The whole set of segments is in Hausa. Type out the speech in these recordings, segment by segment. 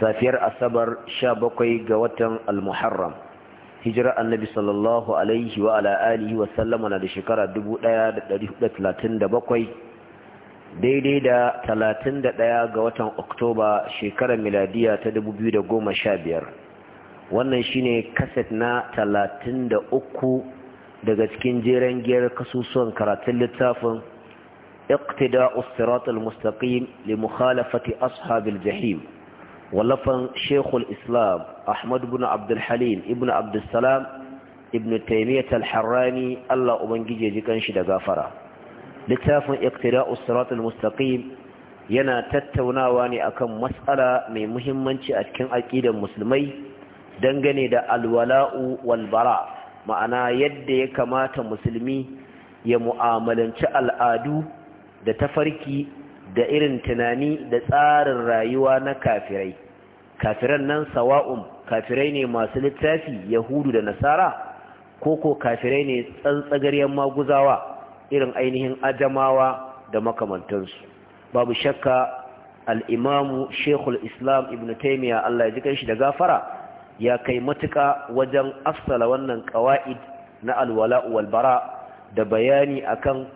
safiyar asabar Sha Bakwai ga watan al-muharram hijira annabi sallallahu alaihi wa ala alihi wa sallama na da shekara 1437 daidai da 31 ga watan oktoba shekarar miladiya ta 2015 wannan shine kaset na 33 daga cikin jeren giyar kasusuwan karatun littafin اقتداء الصراط المستقيم لمخالفة أصحاب الجحيم wallafan shekul islam ahmad ibn abdulhalim ibn abdulsalam ibn taimiyyat al-harrani allah ubangiji ji shi da gafara littafin iqtira'us siratul mustaqim yana tattaunawa ne akan matsala mai muhimmanci a cikin aqidar musulmai dangane da alwala'u walbara ma'ana yadda ya kamata musulmi ya mu'amalanci al'adu da tafarki da irin tunani da tsarin rayuwa na kafirai kafiran nan sawa'un kafirai ne masu littafi yahudu da nasara ko kafirai ne tsantsagaryen maguzawa irin ainihin ajamawa da makamantansu babu shakka al'imamu shekul islam ibn taimiyya allah ya ji shi da gafara ya kai matuka wajen afsala wannan ƙawa'id na alwala'u walbara da bayani akan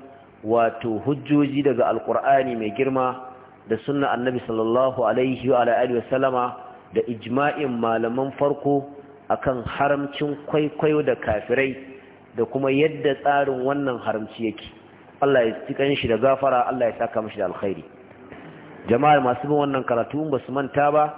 wato hujjoji daga alkur'ani mai girma da sunna annabi sallallahu alaihi wa wa sallama da ijma'in malaman farko akan haramcin kwaikwayo da kafirai da kuma yadda tsarin wannan haramci yake Allah ya tsikan shi da gafara Allah ya saka mashi da alkhairi Jama'ar masu bin wannan karatu ba su manta ba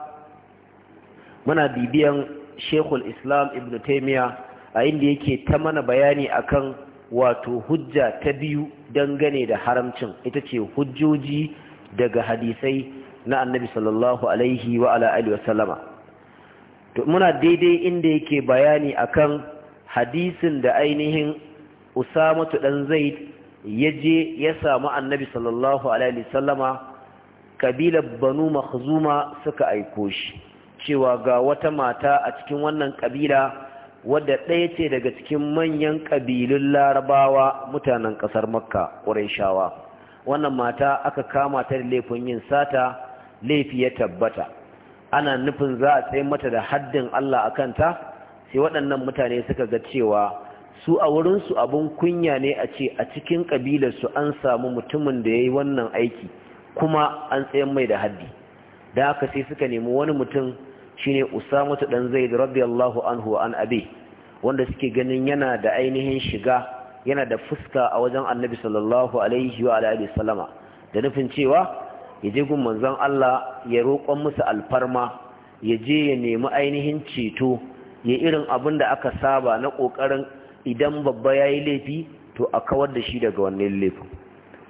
muna bibiyan shekul Islam Ibn Taymiyyah a inda yake ta mana bayani akan wato hujja ta biyu dangane da haramcin ita ce hujjoji daga hadisai na annabi sallallahu alaihi wa ala alihi wasallama to muna daidai inda yake bayani akan hadisin da ainihin usamatu dan zaid ya je ya samu annabi sallallahu alaihi wasallama kabilar banu makhzuma suka aiko shi cewa ga wata mata a cikin wannan kabila wadda ɗaya ce daga cikin manyan ƙabilun larabawa mutanen ƙasar makka shawa. wannan mata aka kama ta da laifin yin sata laifi ya tabbata ana nufin za a tsaye mata da haddin allah a kanta sai waɗannan mutane suka ga cewa su a wurinsu abin kunya ne a ce a cikin ƙabilarsu an samu mutumin da ya yi wannan aiki kuma an tsayen mai da haddi da haka sai suka nemi wani mutum shine usamatu dan zaid radiyallahu anhu an abi wanda suke ganin yana da ainihin shiga yana da fuska a wajen annabi sallallahu alaihi wa alihi sallama da nufin cewa ya je gun manzon Allah ya roƙon musu alfarma ya je ya nemi ainihin ceto ya irin abin da aka saba na ƙoƙarin idan babba ya yi laifi to a kawar da shi daga wannan laifin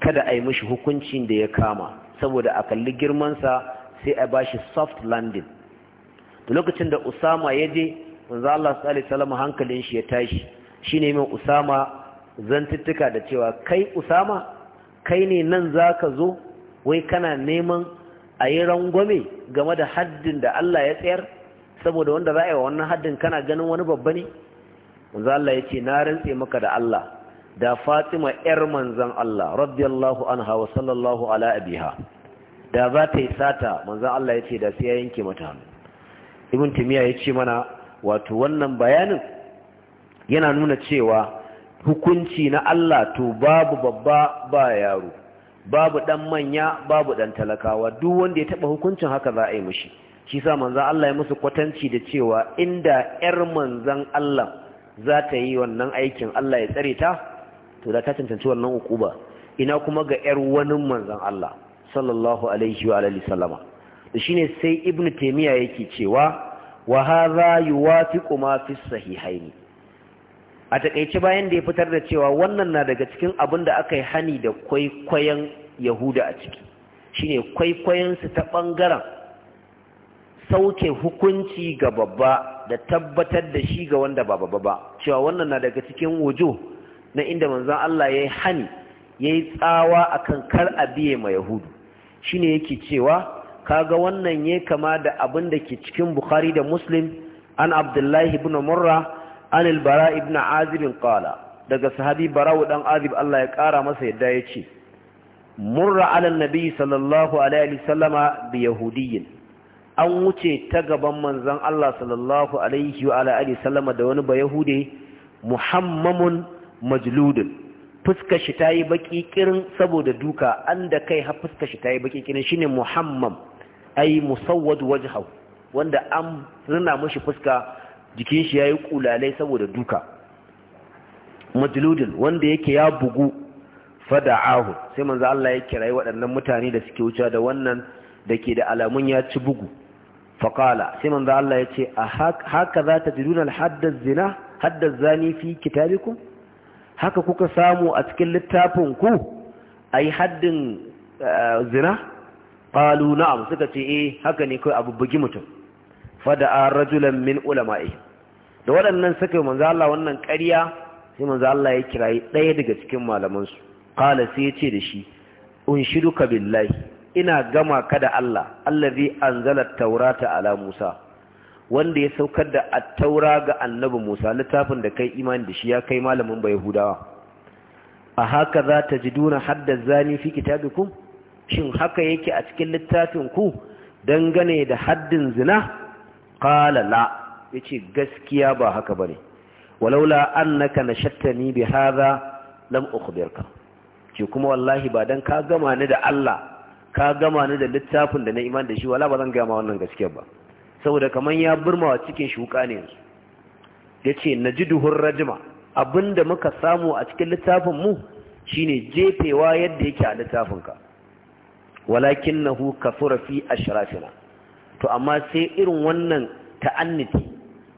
kada a yi mashi hukuncin da ya kama saboda a kalli girmansa sai a bashi soft landing lokacin da usama ya je manzo Allah sallallahu alaihi hankalin shi ya tashi shine min usama zantuttuka da cewa kai usama kai ne nan zaka zo wai kana neman a yi rangwame game da haddin da Allah ya tsayar saboda wanda za a yi wa wannan haddin kana ganin wani babba ne manzo Allah ya ce na rantse maka da Allah da Fatima yar manzon Allah radiyallahu anha wa sallallahu ala abiha da za ta yi sata manzon Allah ya ce da sai ya yanke mata ibn timiya ya ce mana wato wannan bayanin yana nuna cewa hukunci na Allah to babu babba ba yaro babu dan manya babu dan talakawa duk wanda ya taba hukuncin haka za a yi mishi shi sa manzon Allah ya musu kwatanci da cewa inda yar manzon Allah za ta yi wannan aikin Allah ya tsare ta to da ta cancanci wannan hukuba ina kuma ga yar wani manzon Allah sallallahu alaihi wa alihi sallama shine sai ibn taymiya yake cewa wa hadha yuwafiqu ma fi sahihaini a takeice bayan da ya fitar da cewa wannan na daga cikin abin da aka yi hani da kwaikwayon yahuda a ciki shine kwaikwayon su ta ɓangaren sauke hukunci ga babba da tabbatar da shi ga wanda ba babba ba cewa wannan na daga cikin wujuh na inda manzon Allah ya yi hani ya yi tsawa akan kar a biye ma yahudu shine yake cewa kaga wannan ya kama da abin da ke cikin bukhari da muslim an abdullahi ibn murra an albara ibn azib qala daga sahabi barawu dan azib Allah ya kara masa yadda yace murra ala nabi sallallahu alaihi bi yahudiyyin an wuce ta gaban manzon Allah sallallahu alaihi wa alihi da wani ba yahude muhammamun majludun fuska shi ta yi baki kirin saboda duka an da kai ha fuska shi ta yi baki kirin shine muhammam ai musawwad wajhahu wanda an rina mashi fuska jikin shi yayi kulalai saboda duka Majludin wanda yake ya bugu fada'ahu sai manzo Allah ya kirayi waɗannan mutane da suke wuce da wannan dake da alamun ya ci bugu faqala sai manzo Allah ya ce haka za ta diruna al az zina az zani fi kitabikum haka kuka samu a cikin littafin ku ai haddin zina qalu na'am suka ce e haka ne kai abu bugi mutum fada'a rajulan min ulama'i da waɗannan suka yi manzo Allah wannan ƙarya sai manzo Allah ya kirayi ɗaya daga cikin malamansu. su sai ya ce da shi unshiduka billahi ina gama ka da Allah allazi anzala taurata ala Musa wanda ya saukar da taura ga annabi Musa littafin da kai imani da shi ya kai malamin bai Yahudawa a haka za ta ji duna hadda zani fi kitabikum shin haka yake a cikin littafin ku dangane da haddin zina qala la yace gaskiya ba haka bane walaula annaka nashattani bi hadha lam ukhbirka ce kuma wallahi ba dan ka gama ni da Allah ka gama ni da littafin da na iman da shi wala ba zan gama wannan gaskiyar ba saboda kaman ya burmawa cikin shuka ne yanzu yace najiduhur rajma abinda muka samu a cikin littafin mu shine jefewa yadda yake a littafinka Walakin walakinnahu kafura fi ashrafina to amma sai irin wannan ta'anniti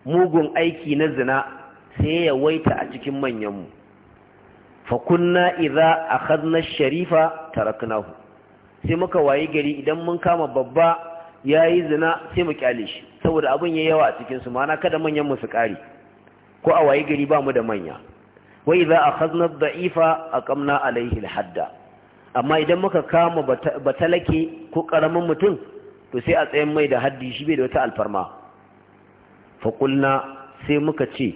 mugun aiki na zina sai ya waita a cikin manyan mu fa kunna idza akhadna sharifa taraknahu sai muka wayi gari idan mun kama babba yayi zina sai mu kyale shi saboda abin yayi yawa a cikin su mana kada manyan su kare ko a wayi gari ba mu da manya wa idza a ad-da'ifa aqamna alaihi al-hadda amma idan muka kama batalake ko ƙaramin mutum to sai a tsayin mai da haddi shi bai da wata alfarma faƙulna sai muka ce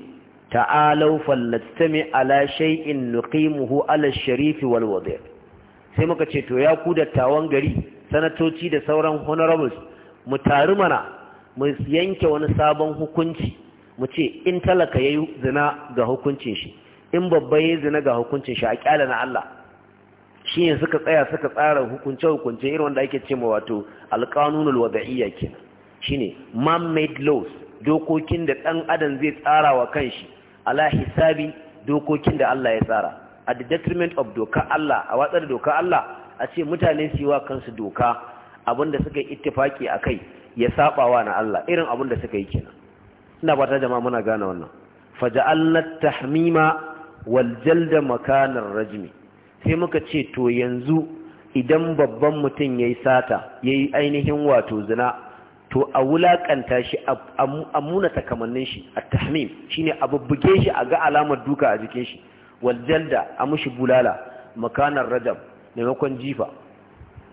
ta'alau fallattami ala shay'in nuqimuhu ala sharifi wal wadir sai muka ce to ya ku dattawan gari sanatoci da sauran honorables mu taru mana mu yanke wani sabon hukunci mu ce in talaka yayi zina ga hukuncin shi in babba yayi zina ga hukuncin shi a kyala na Allah shi ne suka tsaya suka tsara hukunce-hukunce irin wanda ake cewa wato alƙanunul wada'iyya ke shi ne man-made laws dokokin da ɗan adam zai tsara wa kanshi ala hisabi dokokin da Allah ya tsara A the detriment of doka Allah a watsar doka Allah a ce mutane su yi wa kansu doka abinda suka yi ittifaki a kai ya saba wa na Allah irin abinda suka yi kenan ina ba ta jama'a muna gane wannan faja'alna tahmima wal jalda makanar rajmi sai muka ce to yanzu idan babban mutum ya yi sata ya yi ainihin wato zina to a wulaƙanta shi a muna takamannin shi a tahmim shi ne a bubbuge shi a ga alamar duka a jikin shi waljalda a mushi bulala makanar rajab maimakon jifa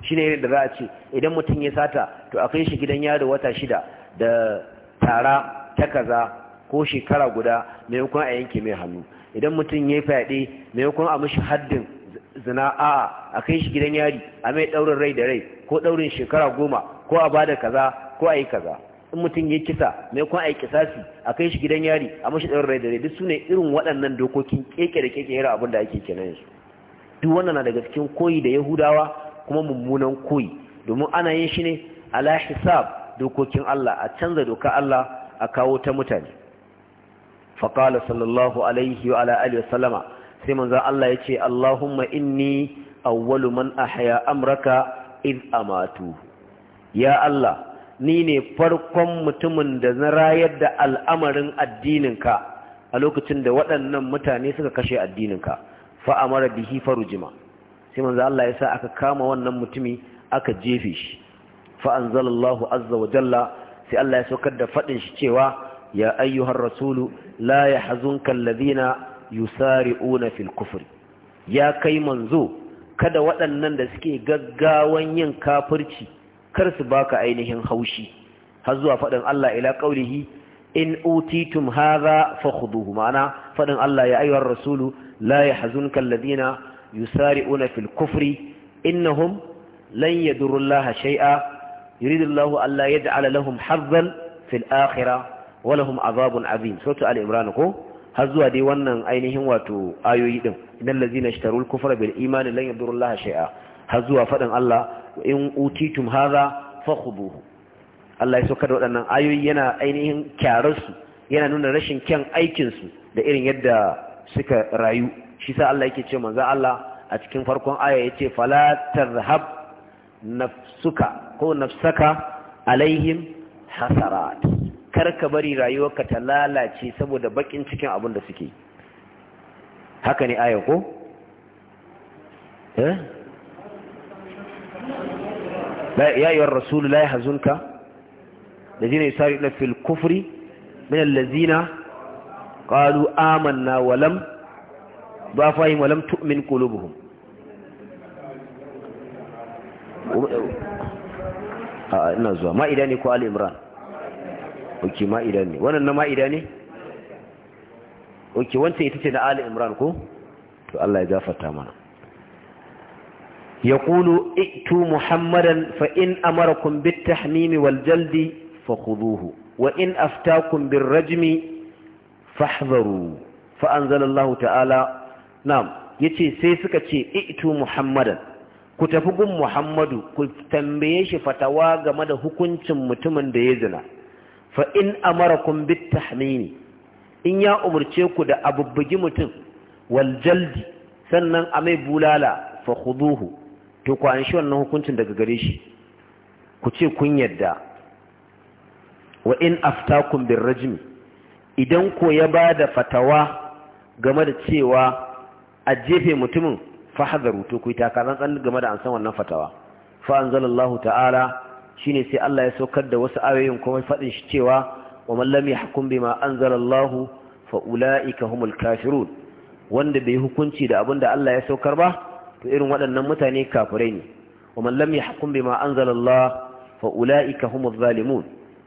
shi ne da za a ce idan mutum ya sata to a kai shi gidan yaro wata shida da tara ta kaza ko shekara guda maimakon a yanke mai hannu idan mutum ya yi fyaɗe maimakon a mushi haddin zina a a kai shi gidan yari a mai daurin rai da rai ko daurin shekara goma ko a bada kaza ko a yi kaza in mutum ya kisa mai kuma a yi kisasi a kai shi gidan yari a mashi daurin rai da rai duk su ne irin waɗannan dokokin keke da keke yara abin da ake kenan yanzu duk wannan na daga cikin koyi da yahudawa kuma mummunan koyi domin ana yin shi ne ala hisab dokokin Allah a canza doka Allah a kawo ta mutane faqala sallallahu alaihi wa ala alihi wa sallama sai manzo Allah ya ce Allahumma inni awwalu man ahya amraka id amatu ya Allah ni ne farkon mutumin da na rayar da al'amarin addininka a lokacin da waɗannan mutane suka kashe addininka fa amara bihi farujima sai manzo Allah ya sa aka kama wannan mutumi aka jefe shi fa anzalallahu azza wa jalla sai Allah ya saukar da fadin shi cewa ya ayyuhar rasulu la yahzunka alladhina yusari'una fil kufri ya kai manzo kada waɗannan da suke gaggawan yin kafirci kar su baka ainihin haushi har zuwa faɗin Allah ila qaulihi in utitum hadha fakhuduhu ma'ana faɗin Allah ya ayyuhar rasulu la yahzunka alladhina yusari'una fil kufri innahum lan yadurru Allah shay'a yuridu Allah an la yaj'ala lahum hazzan fil akhirah wa lahum adhabun azim sura al-imran ko har zuwa dai wannan ainihin wato ayoyi din idan lazina ishtarul kufra bil imani lan yadurullaha shay'a har zuwa fadin Allah in utitum hadha fakhuduhu Allah ya saukar da waɗannan ayoyi yana ainihin kyararsu yana nuna rashin kyan aikinsu da irin yadda suka rayu shi sa Allah yake ce manzo Allah a cikin farkon aya yace fala tarhab nafsuka ko nafsaka alaihim hasarat kar ka bari rayuwarka ta lalace saboda bakin cikin abin da suke haka ne aya ko eh ya ayyuhar rasulu la yahzunka alladhina yusari'una fil kufri min alladhina qalu amanna wa lam walam ولم تؤمن قلوبهم ina zuwa ma'ida ne ko ali imran oke ma'ida ne wannan na ma'ida ne oke wancan ita ce na ali imran ko to Allah ya gafarta mana ya kulu iktu muhammadan fa in amarakum bit tahmimi wal jaldi fa khuduhu wa in aftakum bir rajmi fahdharu fa an zanallahu ta'ala na'am yace sai suka ce i'tu muhammadan ku tafi gun muhammadu ku tambaye shi fatawa game da hukuncin mutumin da ya zina fa in amarakum bit tahmini in ya umurce ku da abubbugi mutum wal jaldi sannan a mai bulala fa khuduhu to ku an shi wannan hukuncin daga gare shi ku ce kun yadda wa in aftakum bir rajmi idan ko ya da fatawa game da cewa a jefe mutumin fa hadaru to ku ta karan tsan game da an san wannan fatawa fa anzalallahu ta'ala shine sai Allah ya saukar da wasu ayoyin kuma faɗin shi cewa wa man lam yahkum bima anzalallahu fa ulaika humul kafirun wanda bai hukunci da abinda Allah ya saukar ba to irin waɗannan mutane kafirai ne wa man lam yahkum bima anzalallahu fa ulaika humuz zalimun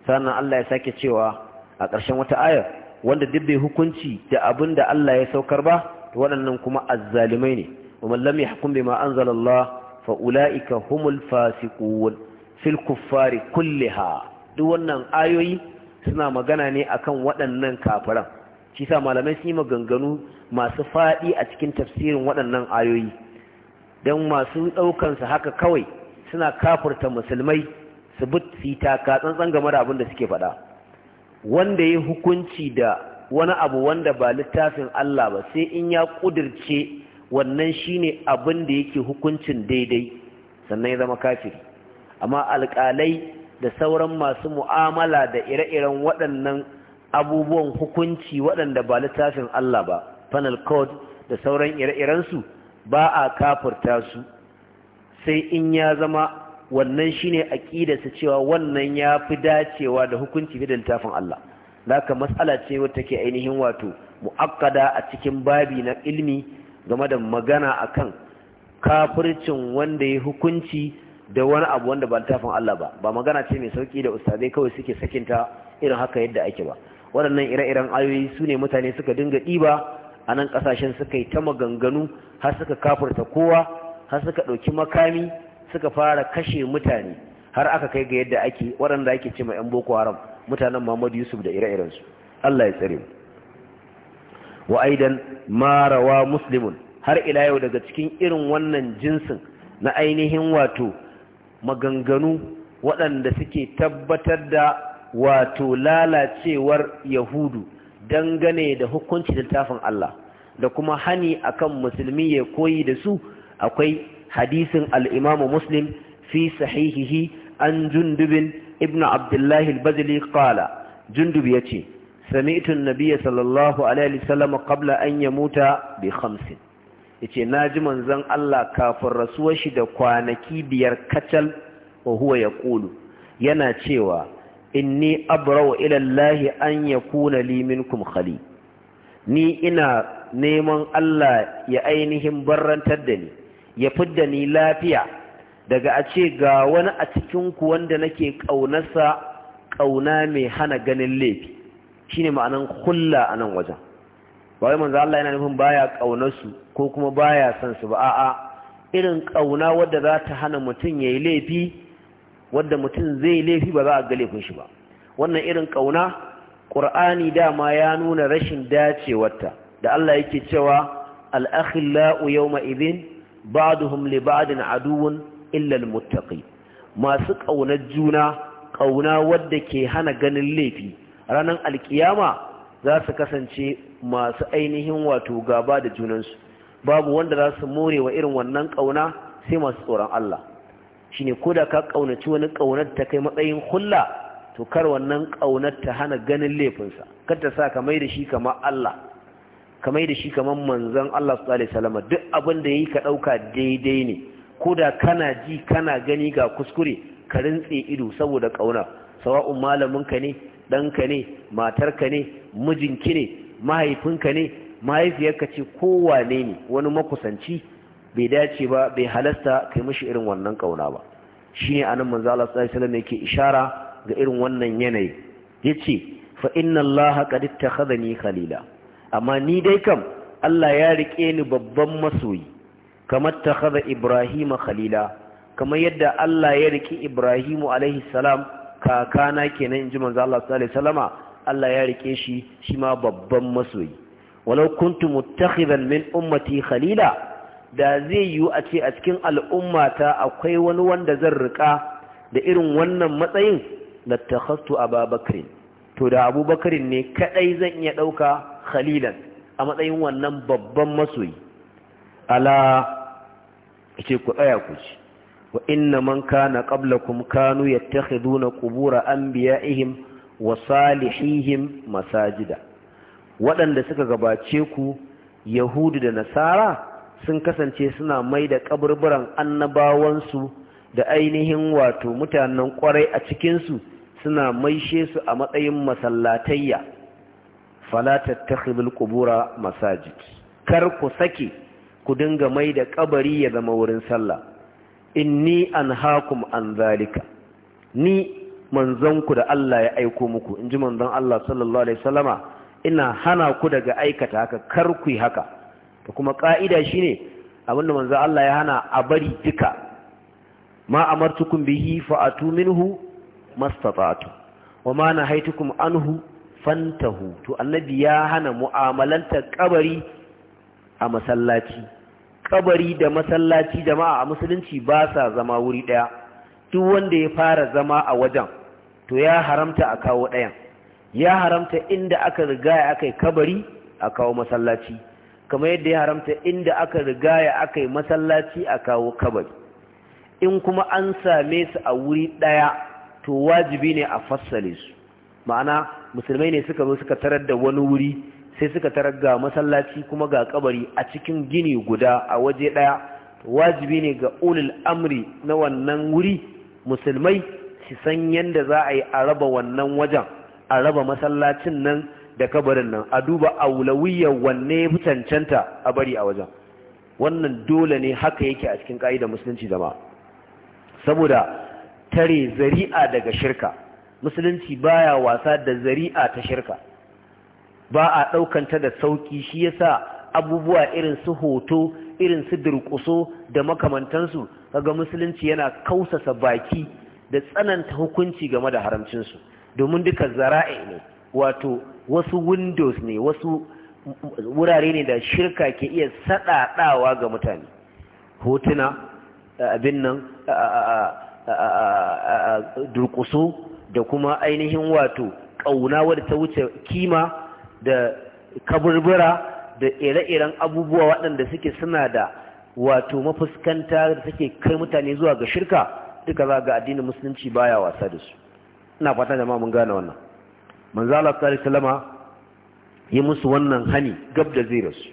sannan Allah ya sake cewa a ƙarshen wata aya wanda duk bai hukunci da abinda Allah ya saukar ba to waɗannan kuma azzalimai ne wa man lam yahkum bima anzalallahu fa ulaika humul fasiqun fil kuffari kulliha duk wannan ayoyi suna magana ne akan waɗannan kafiran shi sa malamai sun yi maganganu masu faɗi a cikin tafsirin waɗannan ayoyi don masu su haka kawai suna kafurta musulmai su bi su tsantsan game da abin da suke faɗa wanda ya hukunci da wani abu wanda ba littafin Allah ba sai in ya kudirce wannan shine abin da yake hukuncin daidai sannan ya zama kafiri amma alƙalai da sauran masu mu'amala da ire-iren waɗannan abubuwan hukunci waɗanda ba littafin Allah ba panel code da sauran ire-irensu ba a kafurta su sai in ya zama wannan shine su cewa wannan ya fi dacewa da hukunci da littafin Allah laka mas'ala ce wata ke ainihin wato mu'akkada a cikin babi na ilmi game da magana akan kafircin wanda ya hukunci da wani abu wanda ba littafin Allah ba ba magana ce mai sauki da ustazai kawai suke sakinta irin haka yadda ake ba waɗannan ire-iren ayoyi su ne mutane suka dinga ɗiba a nan ƙasashen suka yi ta maganganu har suka kafurta kowa har suka ɗauki makami suka fara kashe mutane har aka kai ga yadda ake waɗanda ake ce ma 'yan boko haram mutanen muhammadu yusuf da ire-irensu allah ya tsare mu wa aidan marawa muslimun har ila yau daga cikin irin wannan jinsin na ainihin wato maganganu waɗanda suke tabbatar da wato lalacewar yahudu dangane da hukunci littafin Allah da kuma hani akan musulmi ya koyi da su akwai hadisin al'imamu muslim fi sahihihi an jundubin ibn abdullahi al-bazili qala jundub ya ce sami'tun nabiya sallallahu alaihi wasallam qabla an mota bi khamsin na ji manzon Allah kafin rasuwa shi da kwanaki biyar kacal wa huwa yaqulu yana cewa inni abra'u ila Allah an yakuna li minkum khali ni ina neman Allah ya ainihin barrantar da ni ya fidda ni lafiya daga a ce ga wani a cikinku wanda nake ƙaunarsa ƙauna mai hana ganin laifi shine ma'anan hulla a nan wajen ba wai manzo Allah yana nufin baya kaunar su ko kuma baya son su ba a'a irin kauna wadda za ta hana mutum yayi laifi wadda mutum zai laifi ba za a ga laifin shi ba wannan irin kauna qur'ani dama ya nuna rashin dacewarta da Allah yake cewa al-akhillau yawma idhin ba'duhum li ba'din aduwwun illa al-muttaqi masu kaunar juna kauna wadda ke hana ganin laifi ranar alkiyama za su kasance masu ainihin wato gaba da junansu babu wanda za su more wa irin wannan ƙauna sai masu tsoron Allah shi ne ko da ka ƙaunaci wani ƙaunar ta kai matsayin hulla to kar wannan kaunar ta hana ganin laifinsa kar ta sa ka mai da shi kamar Allah ka mai da shi kama manzon Allah sallallahu alaihi wasallam duk abin da yi ka ɗauka daidai ne ko da kana ji kana gani ga kuskure ka rintse ido saboda ƙauna sawa'un malamin ka ne ɗanka ne matarka ne mijinki ne mahaifinka ne mahaifiyarka ce kowane ne wani makusanci bai dace ba bai halasta kai mishi irin wannan kauna ba ne anan manzo Allah sallallahu alaihi yake ishara ga irin wannan yanayi yace fa inna Allah qad ittakhadhani khalila amma ni dai kam Allah ya rike ni babban masoyi kamar takhadha Ibrahim khalila kamar yadda Allah ya rike Ibrahim alaihi salam kakana kenan inji manzo Allah sallallahu alaihi wasallama Allah ya rike shi shi ma babban masoyi walau kuntu muttakhidan min ummati khalila da zai yiwu a ce a cikin al'ummata akwai wani wanda zan rika da irin wannan matsayin lattakhastu ababakrin to da Abubakar ne kadai zan iya dauka khalilan a matsayin wannan babban masoyi ala ce ku tsaya ku ci wa inna man kana qablakum kanu yattakhiduna qubura anbiya'ihim wa salihihim masajida waɗanda suka gabace ku yahudu da nasara sun kasance suna mai da kaburburan annabawansu da ainihin wato mutanen ƙwarai a cikinsu suna maishe su a matsayin masallatayya falatar ta kubura masajid kar ku sake ku dinga mai da kabari ya zama wurin sallah inni an hakum an zalika ni manzanku da Allah ya aiko muku in ji manzon Allah sallallahu alaihi wasallama ina hana ku daga aikata haka kar ku yi haka to kuma ka'ida shine abinda manzon Allah ya hana a bari duka ma amartukum bihi fa'atu minhu mastata'tu wa ma nahaitukum anhu fantahu to annabi ya hana mu'amalanta kabari a masallaci kabari da masallaci jama'a a musulunci ba sa zama wuri ɗaya. duk wanda ya fara zama a wajen to ya haramta a kawo ɗayan ya haramta inda aka rigaya aka yi kabari a kawo masallaci kamar yadda ya haramta inda aka rigaya aka yi masallaci a kawo kabari in kuma an same su a wuri ɗaya to wajibi ne a fassale su ma'ana musulmai ne suka zo suka tarar da wani wuri sai suka tarar ga masallaci kuma ga kabari a cikin gini guda a waje ɗaya wajibi ne ga ulul amri na wannan wuri musulmai ki san yanda za a yi a raba wannan wajen a raba masallacin nan da kabarin nan a duba aulawiyar wanne ya fi cancanta a bari a wajen wannan dole ne haka yake a cikin ƙa'idar musulunci zama saboda tare zari'a daga shirka musulunci baya wasa da zari'a ta shirka ba a ɗaukanta da sauƙi shi yasa abubuwa irin su hoto irin su durƙuso da makamantansu kaga musulunci yana kausasa baki da tsananta hukunci game da haramcinsu domin duka zara'i ne wato wasu windows ne wasu wurare ne da shirka ke iya saɗaɗawa ga mutane hotuna abin nan durkusu da kuma ainihin wato ƙauna wadda ta wuce kima da kaburbura da ire-iren abubuwa waɗanda suke suna da wato mafuskanta da suke kai mutane zuwa ga shirka duka za ga addinin musulunci baya wasa da su ina fata jama'a mun gane wannan manzo Allah sallallahu alaihi wasallam yi musu wannan hani gab da zai rasu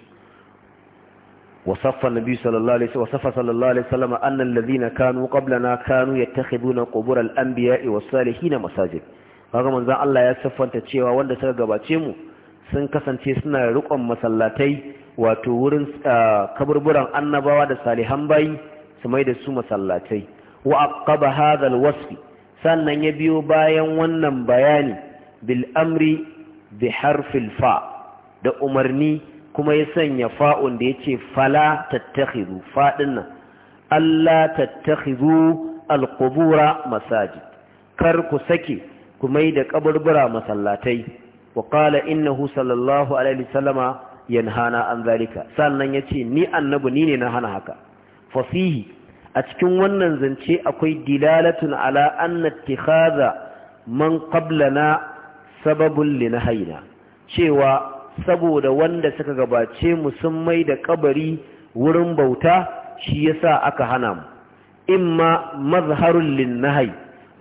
وصف النبي صلى الله عليه وسلم وصف صلى الله عليه وسلم أن الذين كانوا قبلنا كانوا يتخذون قبور الأنبياء والصالحين مساجد kaga manzo Allah ya saffanta cewa wanda suka gabace mu sun kasance suna rukon masallatai wato wurin ah, kaburburan annabawa da salihan bayi su mai da su masallatai wa aqaba hadha sannan ya biyo bayan wannan bayani Bil'amri bi harfil fa da umarni kuma ya sanya fa'un da yace fala tattakhidhu fa dinnan alla tattakhidhu alqubura kar ku sake ku mai da kaburbura masallatai wa qala innahu sallallahu alaihi wasallama yanhana an zalika sannan yace ni annabi ni ne na hana haka fasihi a cikin wannan zance akwai dilalatun ala anna na man qablana sababun linahayna cewa saboda wanda suka gabace mu sun mai da kabari wurin bauta shi yasa aka hana mu imma mazharul linahai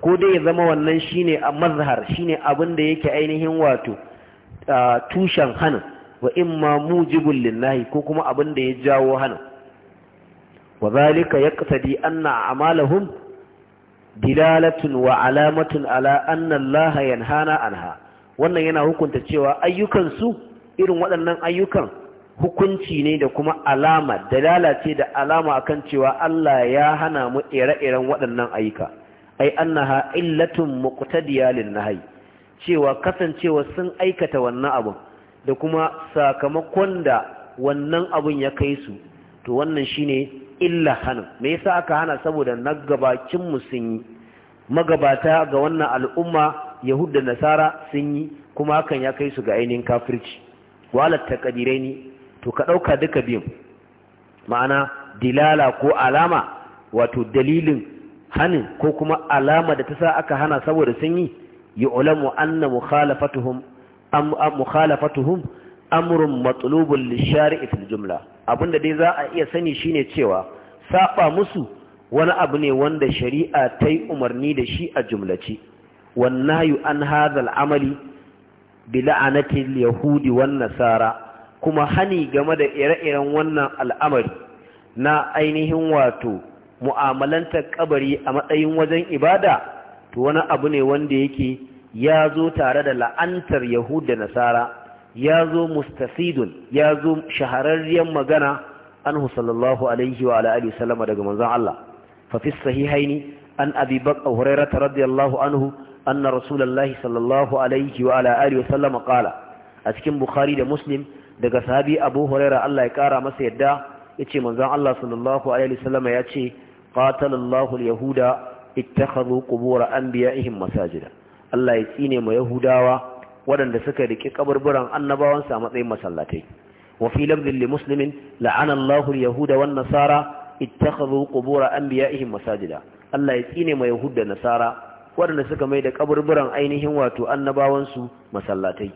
ko dai ya zama wannan shine a mazhar shine abin da yake ainihin wato tushen hana wa imma mujibul linahi ko kuma abin da ya jawo hana وذلك يقتدي أن anna a'malahum dilalatun wa alamatun الله ينهانا عنها وأن anha wannan yana hukunta cewa ayyukan su irin waɗannan ayyukan hukunci ne da kuma alama dalala ce da alama a kan cewa Allah ya hana mu ire-iren waɗannan ayyuka ai annaha illatun muqtadiya lin nahyi cewa kasancewa sun aikata wannan abun da kuma sakamakon da wannan abun ya kai su to wannan shine illa hanin me yasa aka hana saboda na gabakin mu sun yi magabata ga wannan al'umma yahud da nasara sun yi kuma hakan ya kai su ga ainihin kafirci walat taqdirai ne to ka ɗauka duka biyun ma'ana dilala ko alama wato dalilin hanin ko kuma alama da ta sa aka hana saboda sun yi yu'lamu anna mukhalafatuhum am mukhalafatuhum lishari'i fil jumla da dai za a iya sani shine cewa saba musu wani abu ne wanda shari'a ta yi umarni da shi a jumlaci yi an hazal amali la'anatin yahudi wannan nasara kuma hani game da ire-iren wannan al'amari na ainihin wato mu'amalanta kabari a matsayin wajen ibada to wani abu ne wanda yake ya zo tare da la'antar yahud da nasara ya zo mustafidun ya zo shahararriyar magana anhu sallallahu alaihi wa alihi salama daga manzan Allah fa fi sahihaini an abi bakr hurairah radiyallahu anhu anna rasulullahi sallallahu alaihi wa alihi salama qala a cikin bukhari da muslim daga sahabi abu hurairah Allah ya kara masa yadda yace manzan Allah sallallahu alaihi salama wasallama yace qatalallahu alyahuda ittakhadhu qubur anbiya'ihim masajida Allah ya tsine ma yahudawa waɗanda suka riƙe kaburburan annabawansu a matsayin masallatai wa fi lafzin li muslimin la'ana Allahu yahuda wan nasara ittakhadhu qubur anbiya'ihim masajida Allah ya tsine ma yahud da nasara waɗanda suka mai da kaburburan ainihin wato annabawansu masallatai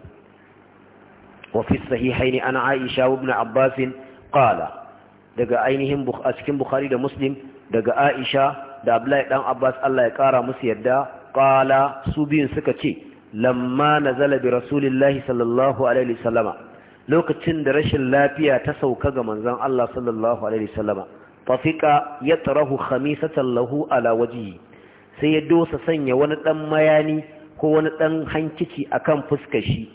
wa fi sahihain an Aisha ibn Abbas qala daga ainihin a cikin Bukhari da Muslim daga Aisha da Abdullahi dan Abbas Allah ya kara musu yadda qala su biyun suka ce lamma nazala bi rasulillahi sallallahu alaihi wasallama lokacin da rashin lafiya ta sauka ga manzon Allah sallallahu alaihi wasallama tafika yatrahu khamisatan lahu ala wajhi sai ya dosa sanya wani dan mayani ko wani dan hankici akan fuskar shi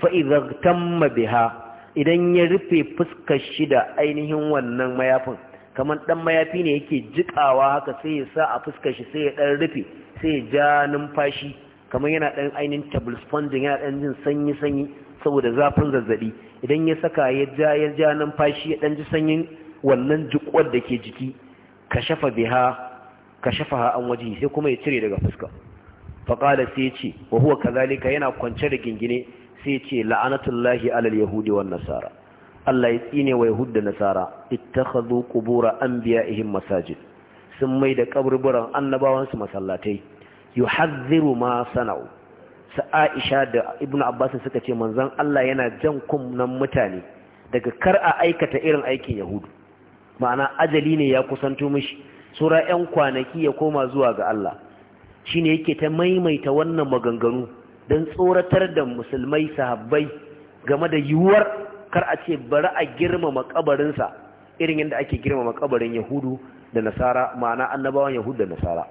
fa idza tamma biha idan ya rufe fuskar shi da ainihin wannan mayafin kamar dan mayafi ne yake jikawa haka sai ya sa a fuskar shi sai ya dan rufe sai ya ja numfashi kamar yana ɗan ainihin table yana ɗan jin sanyi-sanyi saboda zafin zazzaɓi idan ya saka ya ja ya ja fashi ya ɗan ji sanyin wannan jikuwar da ke jiki ka shafa biha ka shafa ha an waje sai kuma ya cire daga fuska faƙala sai ce wa huwa kazalika yana kwance da gingine sai ce la'anatullahi alal yahudi wan nasara Allah ya tsine wa yahud da nasara ittakhadhu qubura anbiya'ihim masajid sun mai da kaburburan annabawansu masallatai yuhadhiru ma sana'u sa Aisha da Ibn Abbas suka ce manzon Allah yana jan kunnan mutane daga kar a aikata irin aikin Yahudu ma'ana ajali ne ya kusanto mishi sura 'yan kwanaki ya koma zuwa ga Allah shine yake ta maimaita wannan maganganu don tsoratar da musulmai sahabbai game da yiwuwar kar a ce bari a girmama kabarinsa irin yadda ake girmama kabarin Yahudu da Nasara ma'ana annabawan Yahudu da Nasara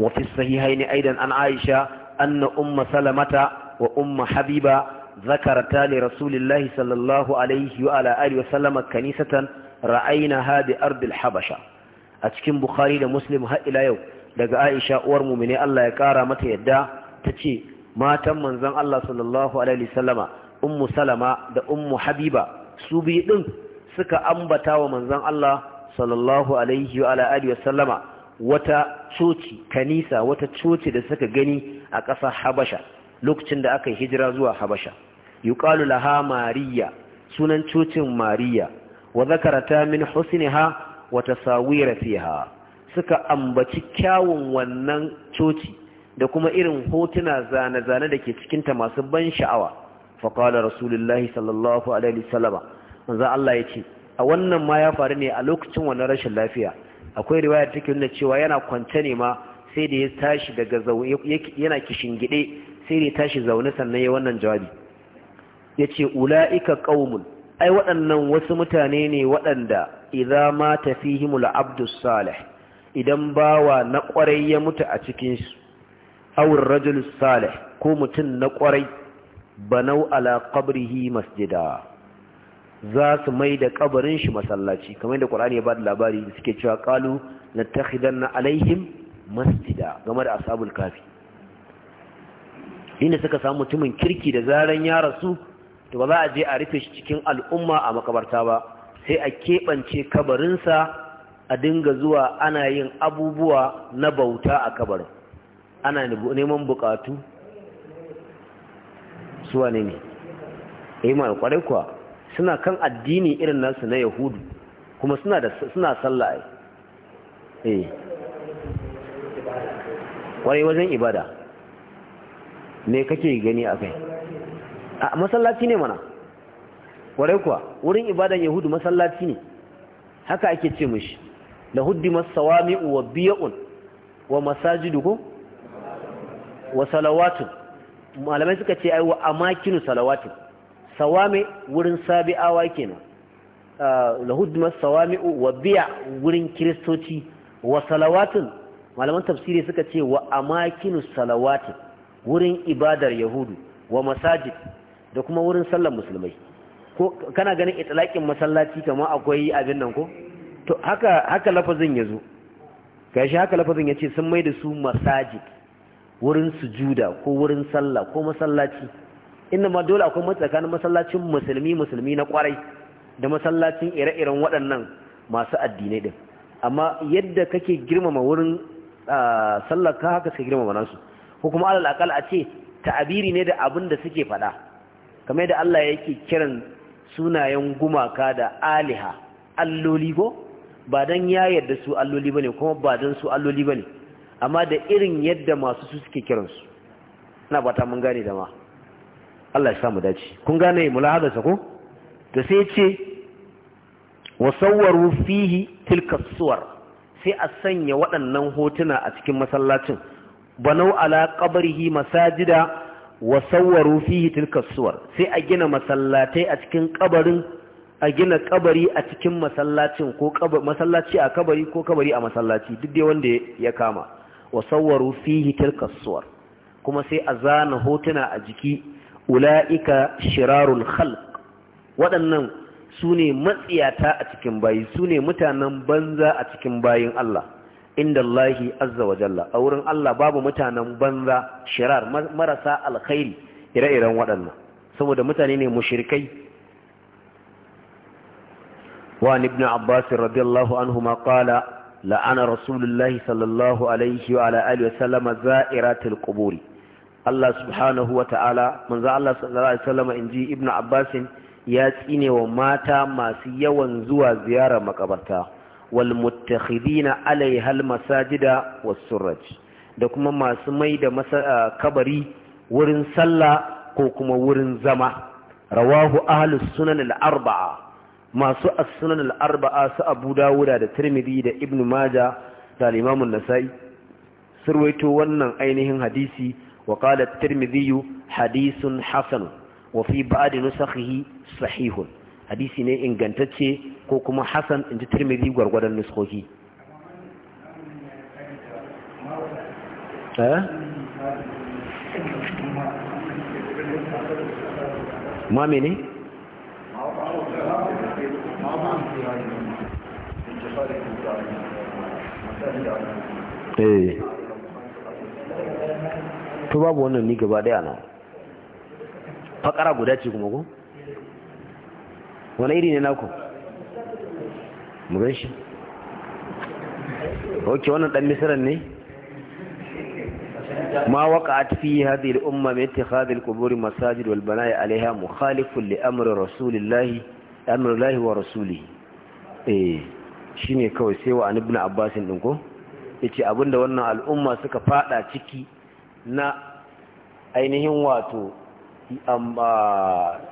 وفي الصحيحين أيضا عن عائشة أن أم سلمة وأم حبيبة ذكرتا لرسول الله صلى الله عليه وعلى آله وسلم كنيسة رأيناها بأرض الحبشة أتكين بخاري لمسلم ها إلى يوم daga Aisha uwar mumine Allah ya kara mata yadda ta ce matan manzon Allah sallallahu alaihi wasallama ummu salama da ummu habiba su biyu ɗin suka ambata wa manzon Allah sallallahu alaihi wa alihi wasallama wata coci kanisa wata coci da suka gani a ƙasar habasha lokacin da aka yi hijira zuwa habasha yuqalu laha mariya sunan cocin mariya wa zakarata min husniha wa tasawira fiha suka ambaci kyawun wannan coci da kuma irin hotuna zane-zane da ke cikinta masu ban sha'awa faƙalar rasulullahi sallallahu alaihi salama manzan Allah ya ce a wannan ma ya faru ne a lokacin wannan rashin lafiya akwai riwaya take nuna cewa yana kwance ne ma sai da ya tashi daga zaune yana kishingide sai da ya tashi zaune sannan ya wannan jawabi yace ulaika qaumun ai waɗannan wasu mutane ne waɗanda idza ma tafihimul abdus salih idan bawa na ƙwarai ya mutu a cikin su awur rajulus salih ko mutum na ƙwarai banau ala qabrihi masjida za su mai da kabarin shi masallaci kamar da Qur'ani ya ba da labari da suke cewa qalu na alaihim masjida game da ashabul kafi inda suka samu mutumin kirki da zaran ya rasu to ba za a je a rufe shi cikin al'umma a makabarta ba sai a keɓance kabarinsa a dinga zuwa ana yin abubuwa na bauta a kabarin ana neman bukatu suwa ne ne eh mai kwarai kuwa suna kan addini irin nasu na yahudu kuma suna da suna sallah eh kwarai wajen ibada me kake gani a kai a masallaci ne mana kwarai kuwa wurin ibadan yahudu masallaci ne haka ake ce mishi la huddi masawami wa biya'un wa masajidu ko wa salawatu malamai suka ce ai wa amakinu salawatu sawami wurin sabi'awa kenan ah, lahudumar sawami'u wa biya wurin kiristoci wa salawatin malaman tafsiri suka ce wa amakinu salawatin wurin ibadar yahudu wa masajid da kuma wurin sallar musulmai ko kana ganin itlaqin masallaci kamar akwai abin nan ko to haka haka lafazin yazo gashi haka lafazin yace sun mai da su masajid wurin sujuda ko wurin sallah ko masallaci inna ma dole akwai matsakanin tsakanin masallacin musulmi musulmi na kwarai da masallacin ire-iren waɗannan masu addinai din amma yadda kake girmama wurin sallar ka haka suka girmama nasu ko kuma alal akal a ce ta'abiri ne da abin da suke faɗa kamar da Allah yake kiran sunayen gumaka da aliha alloli ko ba dan ya yarda su alloli bane kuma ba dan su alloli bane amma da irin yadda masu su suke kiransu ina fata mun gane da ma Allah ya samu dace kun gane mulahazarsa ko to sai ce wasawwaru fihi tilka suwar sai a sanya waɗannan hotuna a cikin masallacin banau ala qabrihi masajida wasawwaru fihi tilka suwar sai a gina masallatai a cikin kabarin a gina kabari a cikin masallacin ko masallaci a kabari ko kabari a masallaci duk dai wanda ya kama wasawwaru fihi tilka suwar kuma sai a zana hotuna a jiki ula'ika shirarul khalq waɗannan su ne matsiyata a cikin bayi su ne mutanen banza a cikin bayin Allah inda Allahi azza wa jalla a wurin Allah babu mutanen banza shirar marasa alkhairi ire-iren waɗannan saboda mutane ne mushrikai wa ibn Abbas radiyallahu anhu ma qala la'ana rasulullahi sallallahu alaihi wa ala alihi wa sallama za'iratul quburi Allah subhanahu wa ta'ala manzo Allah sallallahu alaihi wasallam inji ibnu abbasin ya tsine wa mata masu yawan zuwa ziyarar makabarta wal muttakhidina alaiha al masajida was suraj da kuma masu mai da kabari wurin sallah ko kuma wurin zama rawahu ahlus sunan al masu as-sunan al arba'a su Abu da Tirmidhi da Ibn Majah da Imam an-Nasa'i surwaito wannan ainihin hadisi وقال الترمذي حديث حسن وفي بعض نسخه صحيح حديث ني انغانتاتشي كو كما حسن انت ترمذي غرغد النسخه ها ما مني ايه to babu wannan ni gaba daya na fakara guda ce kuma ko wani iri ne naku mu gan shi ok wannan dan misiran ne ما وقعت في هذه الأمة من اتخاذ القبور مساجد والبناء عليها مخالف لأمر رسول الله أمر الله ورسوله إيه شيني كوي sai wa ibn Abbas din ko yace abinda wannan al'umma suka fada na ainihin wato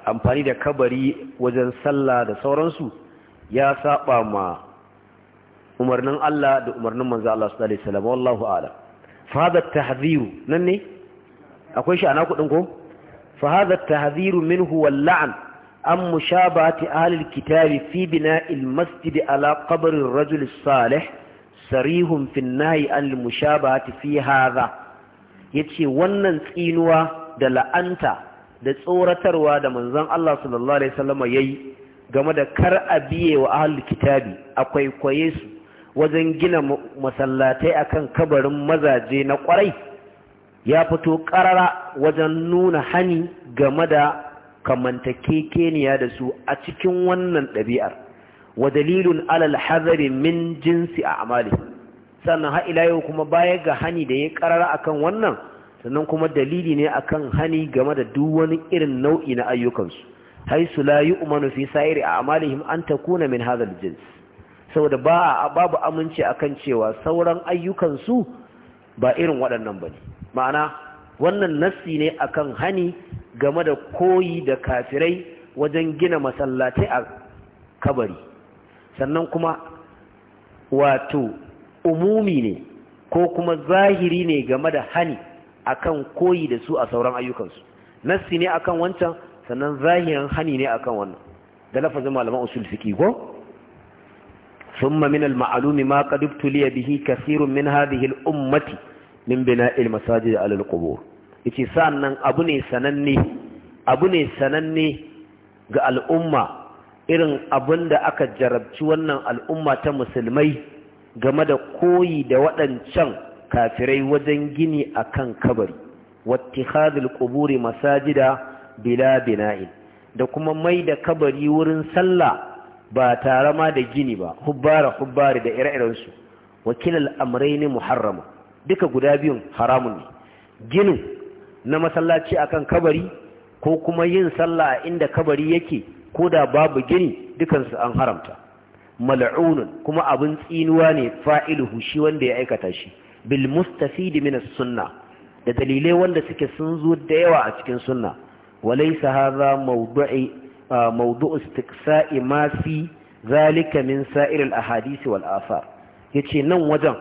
amfani da kabari wajen sallah da sauransu ya saba ma umarnin Allah da umarnin manzo Allah sallallahu alaihi wasallam wallahu a'lam fa hada nan ne akwai shi ana kudin ko fa hada tahdhiru minhu wal am mushabahati ahlil al kitabi fi bina'il masjid ala qabri ar-rajul as-salih sarihun fi an-nahy an nahy an al fi hadha Ya ce wannan tsinuwa da la'anta da tsoratarwa da manzan Allah sallallahu alaihi ya yayi game da kar a biye wa ahlul kitabi a kwaikwaye su wajen gina masallatai akan kabarin mazaje na kwarai ya fito karara wajen nuna hani game da kamantakekeniya da su a cikin wannan ɗabi'ar wa dalilun alal hazari min jinsi a amalihi sannan har ila yau kuma baya ga hani da ya karara akan wannan sannan kuma dalili ne akan hani game da duk wani irin nau'i na ayyukansu haisu la yu'manu fi sa'iri a'malihim an takuna min hadha al-jins saboda ba babu aminci akan cewa sauran ayyukansu ba irin waɗannan bane ma'ana wannan nassi ne akan hani game da koyi da kafirai wajen gina masallatai a kabari sannan kuma wato umumi ne ko kuma zahiri ne game da hani akan koyi da su a sauran ayyukansu nassi ne akan wancan sannan zahirin hani ne akan wannan da lafazin malaman usul fiqi ko thumma min al-ma'lum ma qad bihi kathirun min hadhihi al-ummati min bina'i al-masajid 'ala al-qubur yace sannan abu ne sananne abu ne sananne ga al'umma irin abin da aka jarabci wannan al'umma ta musulmai game da koyi da waɗancan kafirai wajen gini akan kabari wattihadul quburi masajida bila bina'in da kuma mai da kabari wurin sallah ba tare ma da gini ba hubbara hubbari da ire-irensu wakilal amraini muharrama duka guda biyun haramun ne ginin na masallaci akan kabari ko kuma yin sallah a inda kabari yake ko da babu gini dukansu an haramta mal'unun kuma abin tsinuwa ne fa'iluhu shi wanda ya aikata shi bil mustafidi min sunna da dalilai wanda suke sun zo da yawa a cikin sunna walaysa hadha mawdu'i mawdu'u istiksa'i ma fi zalika min sa'ir al ahadith wal athar yace nan wajen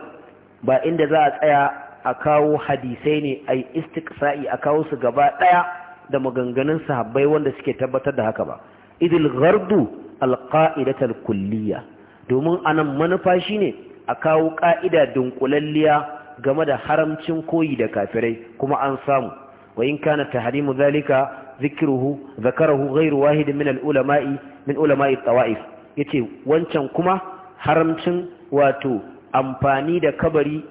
ba inda za a tsaya a kawo hadisai ne ai istiksa'i a kawo su gaba daya da maganganun sahabbai wanda suke tabbatar da haka ba idil ghardu alƙa'idatar kulliya domin anan manufa shine a kawo ƙa'ida dunkulalliya game da haramcin koyi da kafirai kuma an samu wa in kana tahrimu zalika zikruhu zakarahu gairu wahid min al min ulama'i tawaif yace wancan kuma haramcin wato amfani da kabari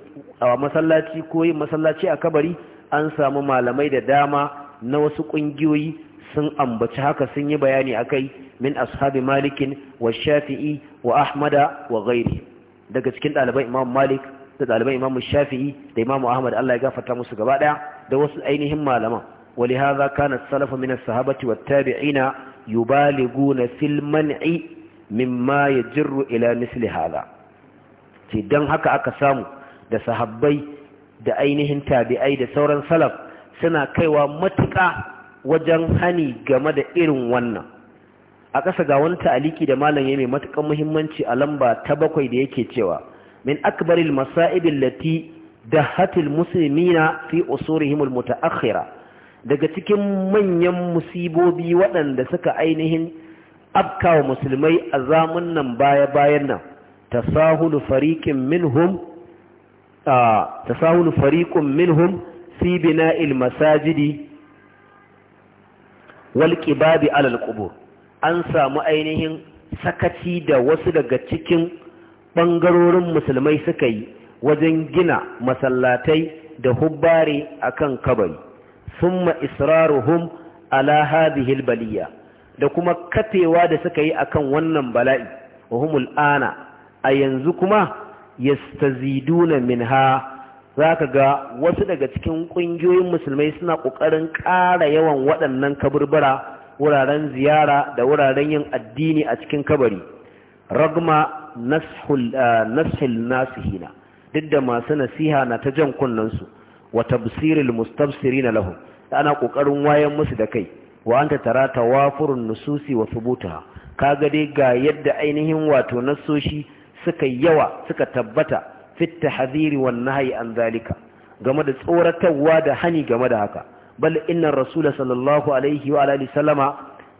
a masallaci ko yin masallaci a kabari an samu malamai da dama na wasu ƙungiyoyi. sun ambaci haka sun yi bayani akai min ashabi malikin wa shafi'i wa ahmada wa ghairi daga cikin ɗaliban imam malik da ɗaliban imam shafi'i da imam ahmad Allah ya gafarta musu gaba ɗaya da wasu ainihin malaman ولهذا كان السلف من الصحابة والتابعين yubaliguna في المنع مما يجر ila misli هذا sai don haka aka samu da sahabbai da ainihin tabi'ai da sauran salaf suna kaiwa matuƙa wajen hani game da irin wannan a ƙasa ga wani ta'aliki da malam ya mai matukan muhimmanci a lamba ta bakwai da yake cewa min akbaril masa'ibin lati da hatil musulmina fi usurihimul muta'akhira daga cikin manyan musibobi waɗanda suka ainihin abkawa musulmai a zamun nan baya-bayan nan tasahulu fariqin minhum tasahulu fariqun minhum fi bina'il masajidi wal qibabi alal ƙubur, an samu ainihin sakaci da wasu daga cikin ɓangarorin musulmai suka yi wajen gina masallatai da hubbare akan kabari summa israruhum ala hadhihi albaliya da kuma kafewa da suka yi akan wannan bala'i wa humul ana a yanzu kuma yastaziduna minha za ka ga wasu daga cikin ƙungiyoyin musulmai suna ƙoƙarin ƙara yawan waɗannan kaburbura wuraren ziyara da wuraren yin addini a cikin kabari ragma eh, nashil nasihina duk da masu nasiha na ta jan su, wa tabsiril na lahu ana ƙoƙarin wayan musu da kai wa ta tara wafurin nususi wa ka ga dai ga yadda ainihin wato nasoshi suka yawa suka tabbata fit hadiri wan hayi an zalika game da tsoratarwa da hani game da haka bal inna rasul sallallahu alaihi wa alihi sallama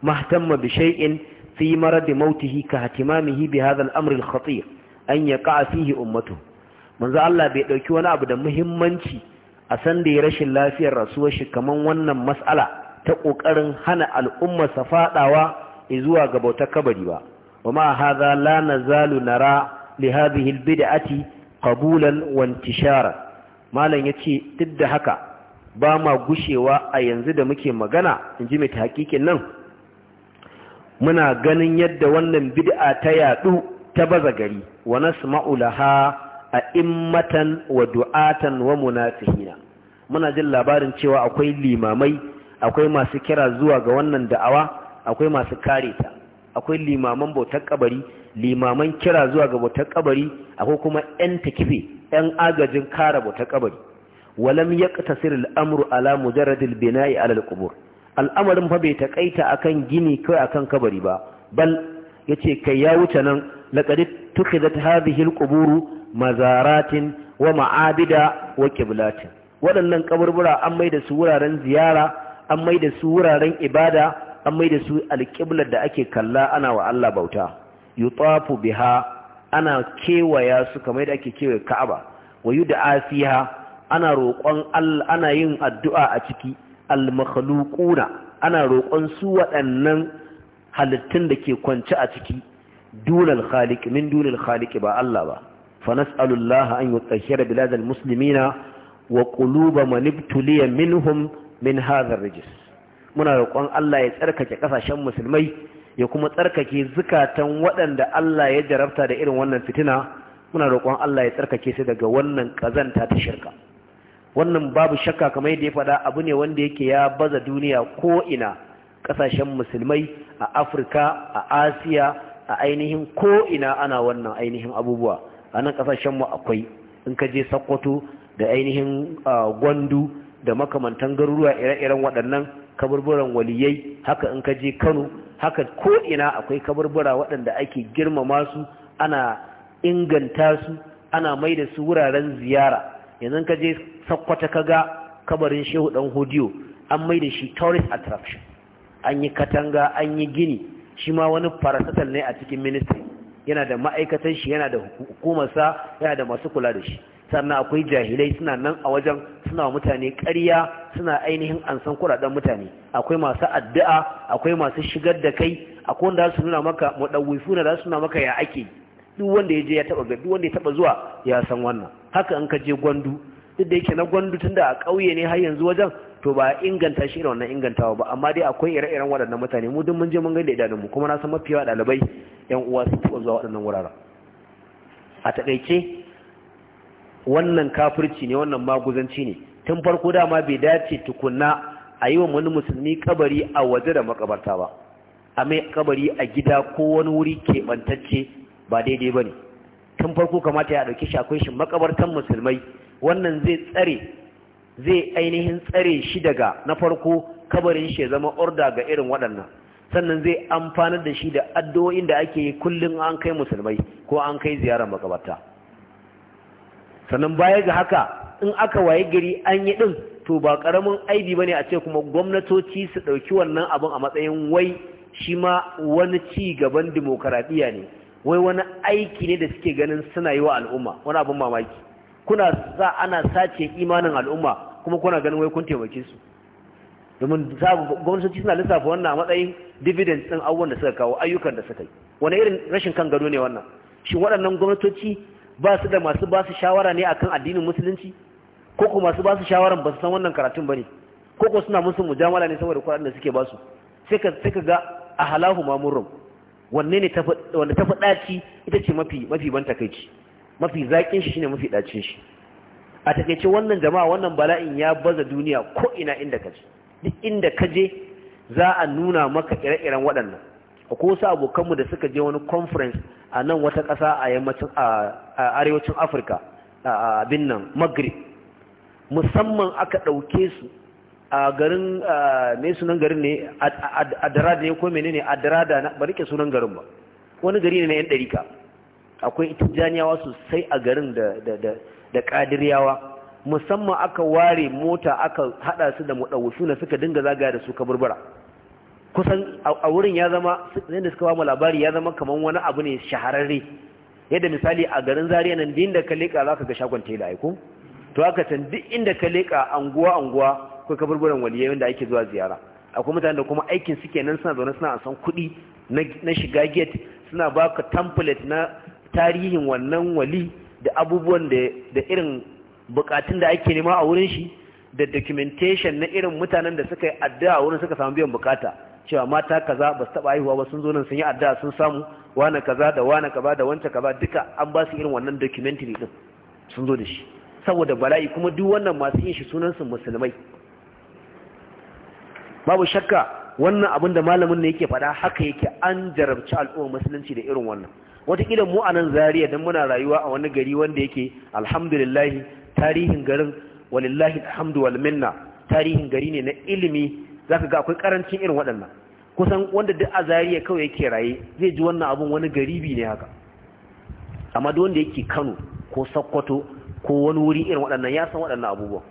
mahtamma bi shay'in fi marad mautihi ka hatimamihi bi hadha al-amr al-khatir an yaqa fihi ummatu manzo Allah bai dauki wani abu da muhimmanci a san da ya rashin lafiyar rasuwar shi kaman wannan mas'ala ta kokarin hana al'umma sa fadawa zuwa ga bautar kabari ba wa ma hadha la nazalu nara li hadhihi al-bid'ati qabulan wa intishara malam yace duk da haka ba ma gushewa a yanzu da muke magana in ji mai hakikin nan muna ganin yadda wannan bid'a ta yadu ta baza gari wa nasma'u laha immatan wa du'atan wa munafihina muna jin labarin cewa akwai limamai akwai masu kira zuwa ga wannan da'awa akwai masu kare ta akwai limaman bautar kabari limaman kira zuwa ga bautar kabari akwai kuma yan takife yan agajin kara bautar kabari walam yaqtasir al-amru ala mujarrad al-bina'i ala al-qubur al'amarin fa bai takaita akan gini kai akan kabari ba bal yace kai ya wuce nan laqad tukhidat hadhihi al-quburu mazaratin wa ma'abida wa qiblatin waɗannan kaburbura an mai da su wuraren ziyara an mai da su wuraren ibada an mai da su alƙiblar da ake kalla ana wa Allah bauta yutafu biha ana kewaya su kamar da ake kewaye Ka'aba wa yud'a fiha ana roƙon ana yin addu'a a ciki al ana roƙon su waɗannan halittun da ke kwance a ciki dunal khaliq min dunal khaliq ba Allah ba fa nas'alullaha an yutahhira biladal muslimina wa quluba man ibtuliya minhum min hadha ar muna roƙon Allah ya tsarkake ƙasashen musulmai ya kuma tsarkake zukatan waɗanda Allah ya jarabta da irin wannan fitina muna roƙon Allah ya tsarkake su daga wannan ƙazanta ta shirka wannan babu shakka kamar yadda ya faɗa abu ne wanda yake ya baza duniya ko ina ƙasashen musulmai a Afirka a Asiya a ainihin ko ina ana wannan ainihin abubuwa a nan ƙasashen mu akwai in ka je Sokoto da ainihin Gwandu da makamantan garuruwa ire-iren waɗannan kaburburan waliyai haka in ka je Kano haka ko ina akwai kaburbura waɗanda ake girmama su ana inganta su ana mai da su wuraren ziyara yanzu ka je sakkwata ka ga kabarin shehu dan hodiyo an mai da shi tourist attraction an yi katanga an yi gini shi ma wani parastatal ne a cikin ministry yana da ma'aikatan shi yana da hukumarsa yana da masu kula da shi sannan akwai jahilai suna nan a wajen suna wa mutane ƙarya suna ainihin ansan kuraɗen mutane akwai masu addu'a akwai masu shigar da kai akwai wanda su nuna maka muɗawwifu na su nuna maka ya ake duk wanda ya je ya taɓa duk wanda ya taɓa zuwa ya san wannan haka in ka je gwandu duk da yake na gwandu tunda a ƙauye ne har yanzu wajen to ba inganta shi irin wannan ingantawa ba amma dai akwai ire-iren waɗannan mutane mu duk mun je mun ga da idanunmu kuma na san mafiya ɗalibai yan uwa su taɓa zuwa waɗannan wuraren a taƙaice wannan kafirci ne wannan maguzanci ne tun farko dama bai dace tukunna a yi wa wani musulmi kabari a waje da makabarta ba a mai kabari a gida ko wani wuri keɓantacce ba daidai ba ne tun farko kamata ya ɗauki shakun shi makabartan musulmai wannan zai tsare zai ainihin tsare shi daga na farko kabarin shi ya zama orda ga irin waɗannan sannan zai amfanar da shi da addu'o'in da ake yi kullum an kai musulmai ko an kai ziyarar makabarta sannan baya ga haka in aka waye gari an yi din to ba karamin aibi bane a ce kuma gwamnatoci su dauki wannan abin a matsayin wai shi ma wani ci gaban demokaradiyya ne wai wani aiki ne da suke ganin suna yi wa al'umma wani abin mamaki kuna sa ana sace imanin al'umma kuma kuna ganin wai kun taimake su domin gwamnatoci suna lissafa wannan a matsayin dividend din abubuwan da suka kawo ayyukan da suka yi wani irin rashin kan gado ne wannan shin waɗannan gwamnatoci ba su da masu ba su shawara ne akan addinin musulunci ko ko masu ba su shawaran ba su san wannan karatun bane ko ko suna musu mujamala ne saboda Qur'ani da suke ba su sai ka sai ka ga ahlahu mamurum wanne ne tafi wanda tafi daci ita ce mafi mafi ban takeici mafi zakin shi shine mafi dacin shi a takeice wannan jama'a wannan bala'in ya baza duniya ko ina inda kaje duk inda kaje za a nuna maka ire-iren waɗannan ko wasu abokanmu da suka je wani conference a nan wata ƙasa a yammacin a arewacin Afirka a abin nan magrib musamman aka ɗauke su a garin mai sunan garin ne a darada ne ko menene darada na ba rike sunan garin ba wani gari ne na yan ɗarika akwai itijaniyawa sosai a garin da ƙadiriyawa musamman aka ware mota aka haɗa su da muɗawusu na suka dinga zagaya da su kaburbura kusan a wurin ya zama da suka ba mu labari ya zama kamar wani abu ne shahararre yadda misali a garin zariya nan din da ka leƙa za ka ga shagon tela aiko to haka can duk inda ka leƙa anguwa anguwa ko kaburburan waliyai yadda ake zuwa ziyara akwai mutane da kuma aikin su kenan suna zaune suna san kuɗi na shiga gate suna baka template na tarihin wannan wali da abubuwan da irin bukatun da ake nema a wurin shi da documentation na irin mutanen da suka yi addu'a wurin suka samu biyan bukata cewa mata kaza ba su taba haihuwa ba sun zo nan sun yi addu'a sun samu wani kaza da wani kaza da wancan kaza duka an ba su irin wannan documentary din sun zo da shi saboda bala'i kuma duk wannan masu yin shi sunan su musulmai babu shakka wannan abin da malamin ne yake faɗa haka yake an jarabci al'ummar musulunci da irin wannan wataƙila mu a nan zariya don muna rayuwa a wani gari wanda yake alhamdulillah tarihin garin walillahi alhamdu wal minna tarihin gari ne na ilimi za ka ga akwai karancin irin waɗannan kusan wanda duk a zariya kawai yake raye zai ji wannan abin wani garibi ne haka amma duk wanda yake kano ko sokoto ko wani wuri irin waɗannan ya san waɗannan abubuwan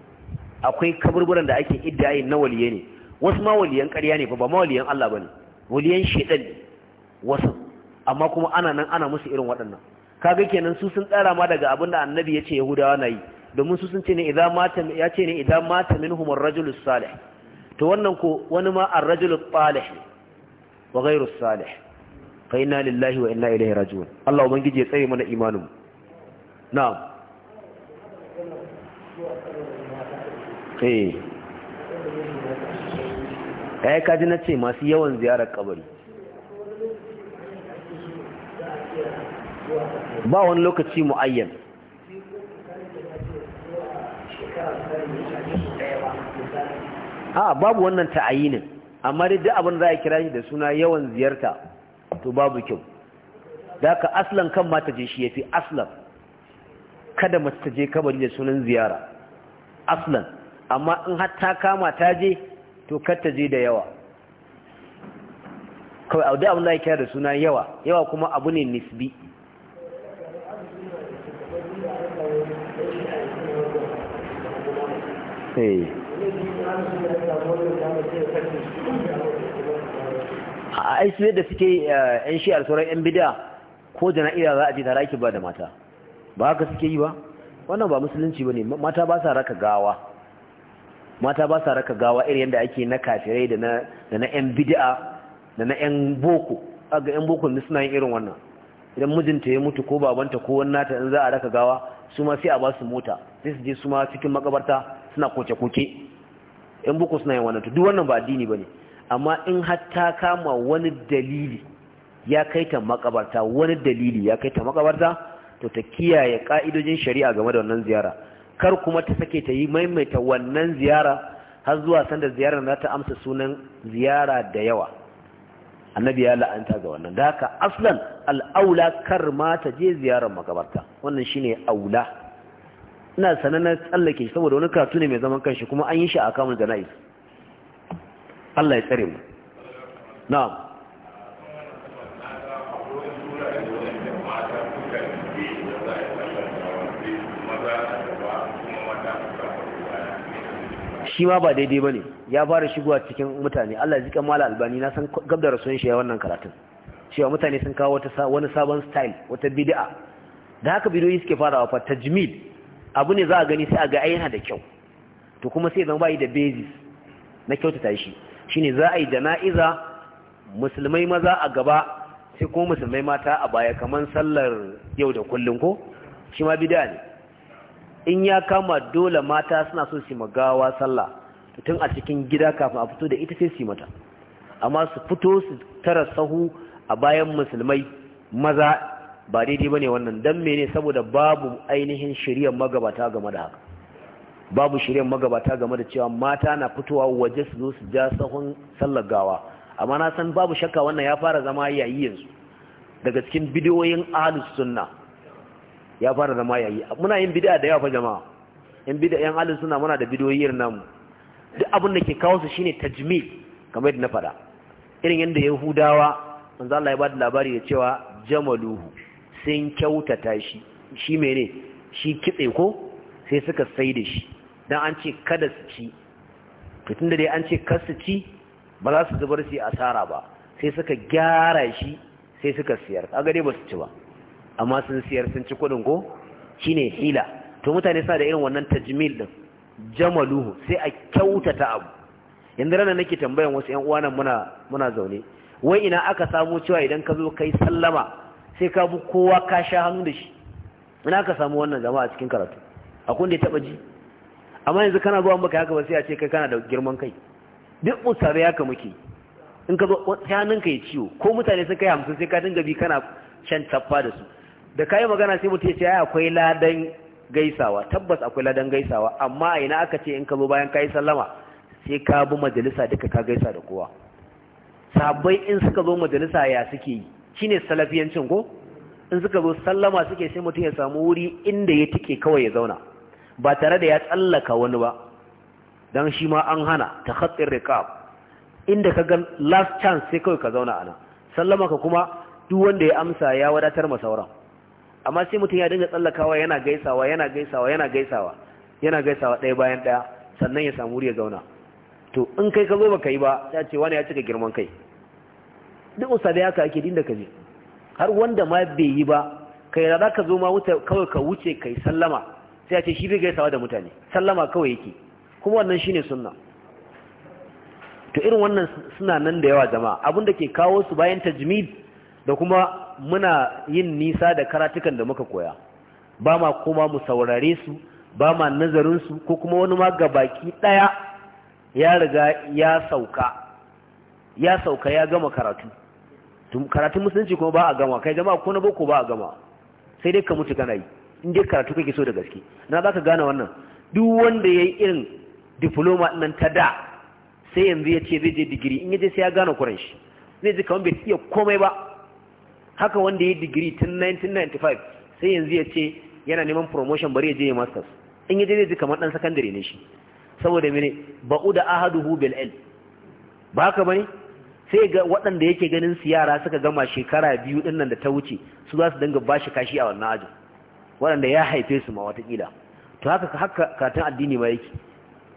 akwai kaburburan da ake iddayin na waliye ne wasu ma waliyan ƙarya ne ba ma waliyan Allah ba ne waliyan shaidan ne wasu amma kuma ana nan ana musu irin waɗannan kaga kenan su sun tsara ma daga abin da annabi ya ce yahudawa na yi domin su sun ce ne idan mata ya ce ne idan mata minhum ar salih to wannan ko wani ma ar-rajul salih wa ghayru salih fa inna lillahi wa inna ilaihi raji'un Allah ubangiji ya tsare mana imanin mu na'am eh ai kaji na ce masu yawan ziyarar kabari ba wani lokaci mu'ayyan a babu wannan ta'ayinin amma dai duk abin za a kira shi da suna yawan ziyarta to babu kyau da ka aslan kan mata je shi yafi aslan kada mace ta je kabari da sunan ziyara aslan amma in har ta kama ta je to kar ta je da yawa kawai abu duk abin za a kira da suna yawa yawa kuma abu ne nisbi Hey. Eh. a ai su yadda suke eh, yan shi'ar sauran yan bid'a ko jana'iza za a je tare ake ba da mata ba haka suke yi ba wannan ba musulunci bane mata ba sa raka gawa mata ba sa raka gawa irin yadda ake na kafirai da na da na yan bid'a da na yan boko ga yan boko ne suna yin irin wannan idan mijinta ya mutu ko babanta ko wani nata in za a raka gawa su ma sai a ba su mota sai su je su ma cikin makabarta suna koke-koke yan boko suna yin wannan to duk wannan ba addini bane amma in hatta kama wani dalili ya kai ta makabarta wani dalili ya kai ta makabarta to ta kiyaye ka'idojin shari'a game da wannan ziyara kar kuma ta sake ta yi maimaita wannan ziyara har zuwa sanda ziyarar na ta amsa sunan ziyara da yawa annabi ya la'anta ga wannan da haka aslan al'aula kar ma ta je ziyarar makabarta wannan shine aula ina sanannen tsallake saboda wani karatu ne mai zaman kanshi kuma an yi shi a kamun jana'is Allah ya tsare mu na'am shi ma ba daidai ba ne ya fara shigowa cikin mutane Allah zika mala albani na san gab da rasuwan shi ya wannan karatun cewa mutane sun kawo wani sabon style wata bidi'a, da haka bidiyoyi suke farawa fata jimil. abu ne za a gani sai a ga ai yana da kyau to kuma sai zama yi da basis na kyautata shi shine za a yi jana'iza musulmai maza a gaba sai ko musulmai mata a baya kamar sallar yau da kullum ko shi ma bid'a ne in ya kama dole mata suna so su magawa sallah tun a cikin gida kafin a fito da ita sai su mata amma su fito su tara sahu a bayan musulmai maza ba daidai bane wannan dan mene saboda babu ainihin shari'ar magabata game da haka babu shirin magabata game da cewa mata na fitowa waje su zo su ja sahun sallar gawa amma na san babu shakka wannan ya fara zama yayi yanzu daga cikin bidiyoyin ahlus sunna ya fara zama yayi muna yin bid'a da yawa fa jama'a in bid'a yan ahlus sunna muna da bidiyoyi irin namu duk abin da ke kawo su shine tajmil kamar yadda na faɗa irin yadda yahudawa manzo Allah ya bada labari ya cewa jamaluhu sun kyautata shi shi mene shi kitse ko sai suka sai da shi dan an ce kada su ci to tunda dai an ce kar su ci ba za su zubar su yi asara ba sai suka gyara shi sai suka siyar ga dai ba su ci ba amma sun siyar sun ci kuɗin ko shine hila to mutane suna da irin wannan tajmil din jamaluhu sai a kyautata abu yanzu rana nake tambayan wasu ƴan uwana muna muna zaune wai ina aka samu cewa idan ka zo kai sallama sai ka bi kowa ka sha hannu da shi ina aka samu wannan jama'a cikin karatu akwai da ya taba ji amma yanzu kana zuwa maka haka ba sai a ce kai kana da girman kai duk mutare haka muke in ka zo ka ya ciwo ko mutane sun kai hamsin sai ka dinga bi kana can tappa da su da kayi magana sai mutum ya ai akwai ladan gaisawa tabbas akwai ladan gaisawa amma a ina aka ce in ka zo bayan ka yi sallama sai ka bi majalisa duka ka gaisa da kowa sabai in suka zo majalisa ya suke yi shine salafiyancin ko in suka zo sallama suke sai mutum ya samu wuri inda ya tike kawai ya zauna ba tare da ya tsallaka wani ba don shi ma an hana ta hatsin riƙab inda ka gan last chance sai kawai ka zauna ana sallama ka kuma duk wanda ya amsa ya wadatar masauran amma sai mutum ya dinga tsallakawa yana gaisawa yana gaisawa yana gaisawa yana gaisawa ɗaya bayan ɗaya sannan ya samu wuri ya zauna to in kai ka zo ba ka yi ba ya ce wani ya cika girman kai duk usa da haka ake dinda ka je har wanda ma bai yi ba kai da za ka zo ma wuce kawai ka wuce kai sallama sai ce shi bai gaisawa da mutane sallama kawai yake kuma wannan shine sunna to irin wannan suna nan da yawa jama'a abin da ke kawo su bayan tajmid da kuma muna yin nisa da karatukan da muka koya ba ma kuma mu saurare su ba ma nazarin su ko kuma wani ma gabaki daya ya riga ya sauka ya sauka ya gama karatu karatun musulunci kuma ba a gama kai jama'a ko na boko ba a gama sai dai ka mutu kana yi in dai karatu kake so da gaske na za ka gane wannan duk wanda ya yi irin diploma nan ta da sai yanzu ya ce zai je digiri in ya sai ya gane kuran shi zai ji kamar bai iya komai ba haka wanda ya yi digiri tun 1995 sai yanzu ya ce yana neman promotion bari ya je ya masters in ya zai ji kamar dan sakandare ne shi saboda mene ba'u da ahaduhu bil ilm ba haka bane sai ga waɗanda yake ganin su yara suka gama shekara biyu ɗin da ta wuce su za su dinga bashi kashi a wannan ajin waɗanda ya haife su ma watakila to haka haka katin addini ba yake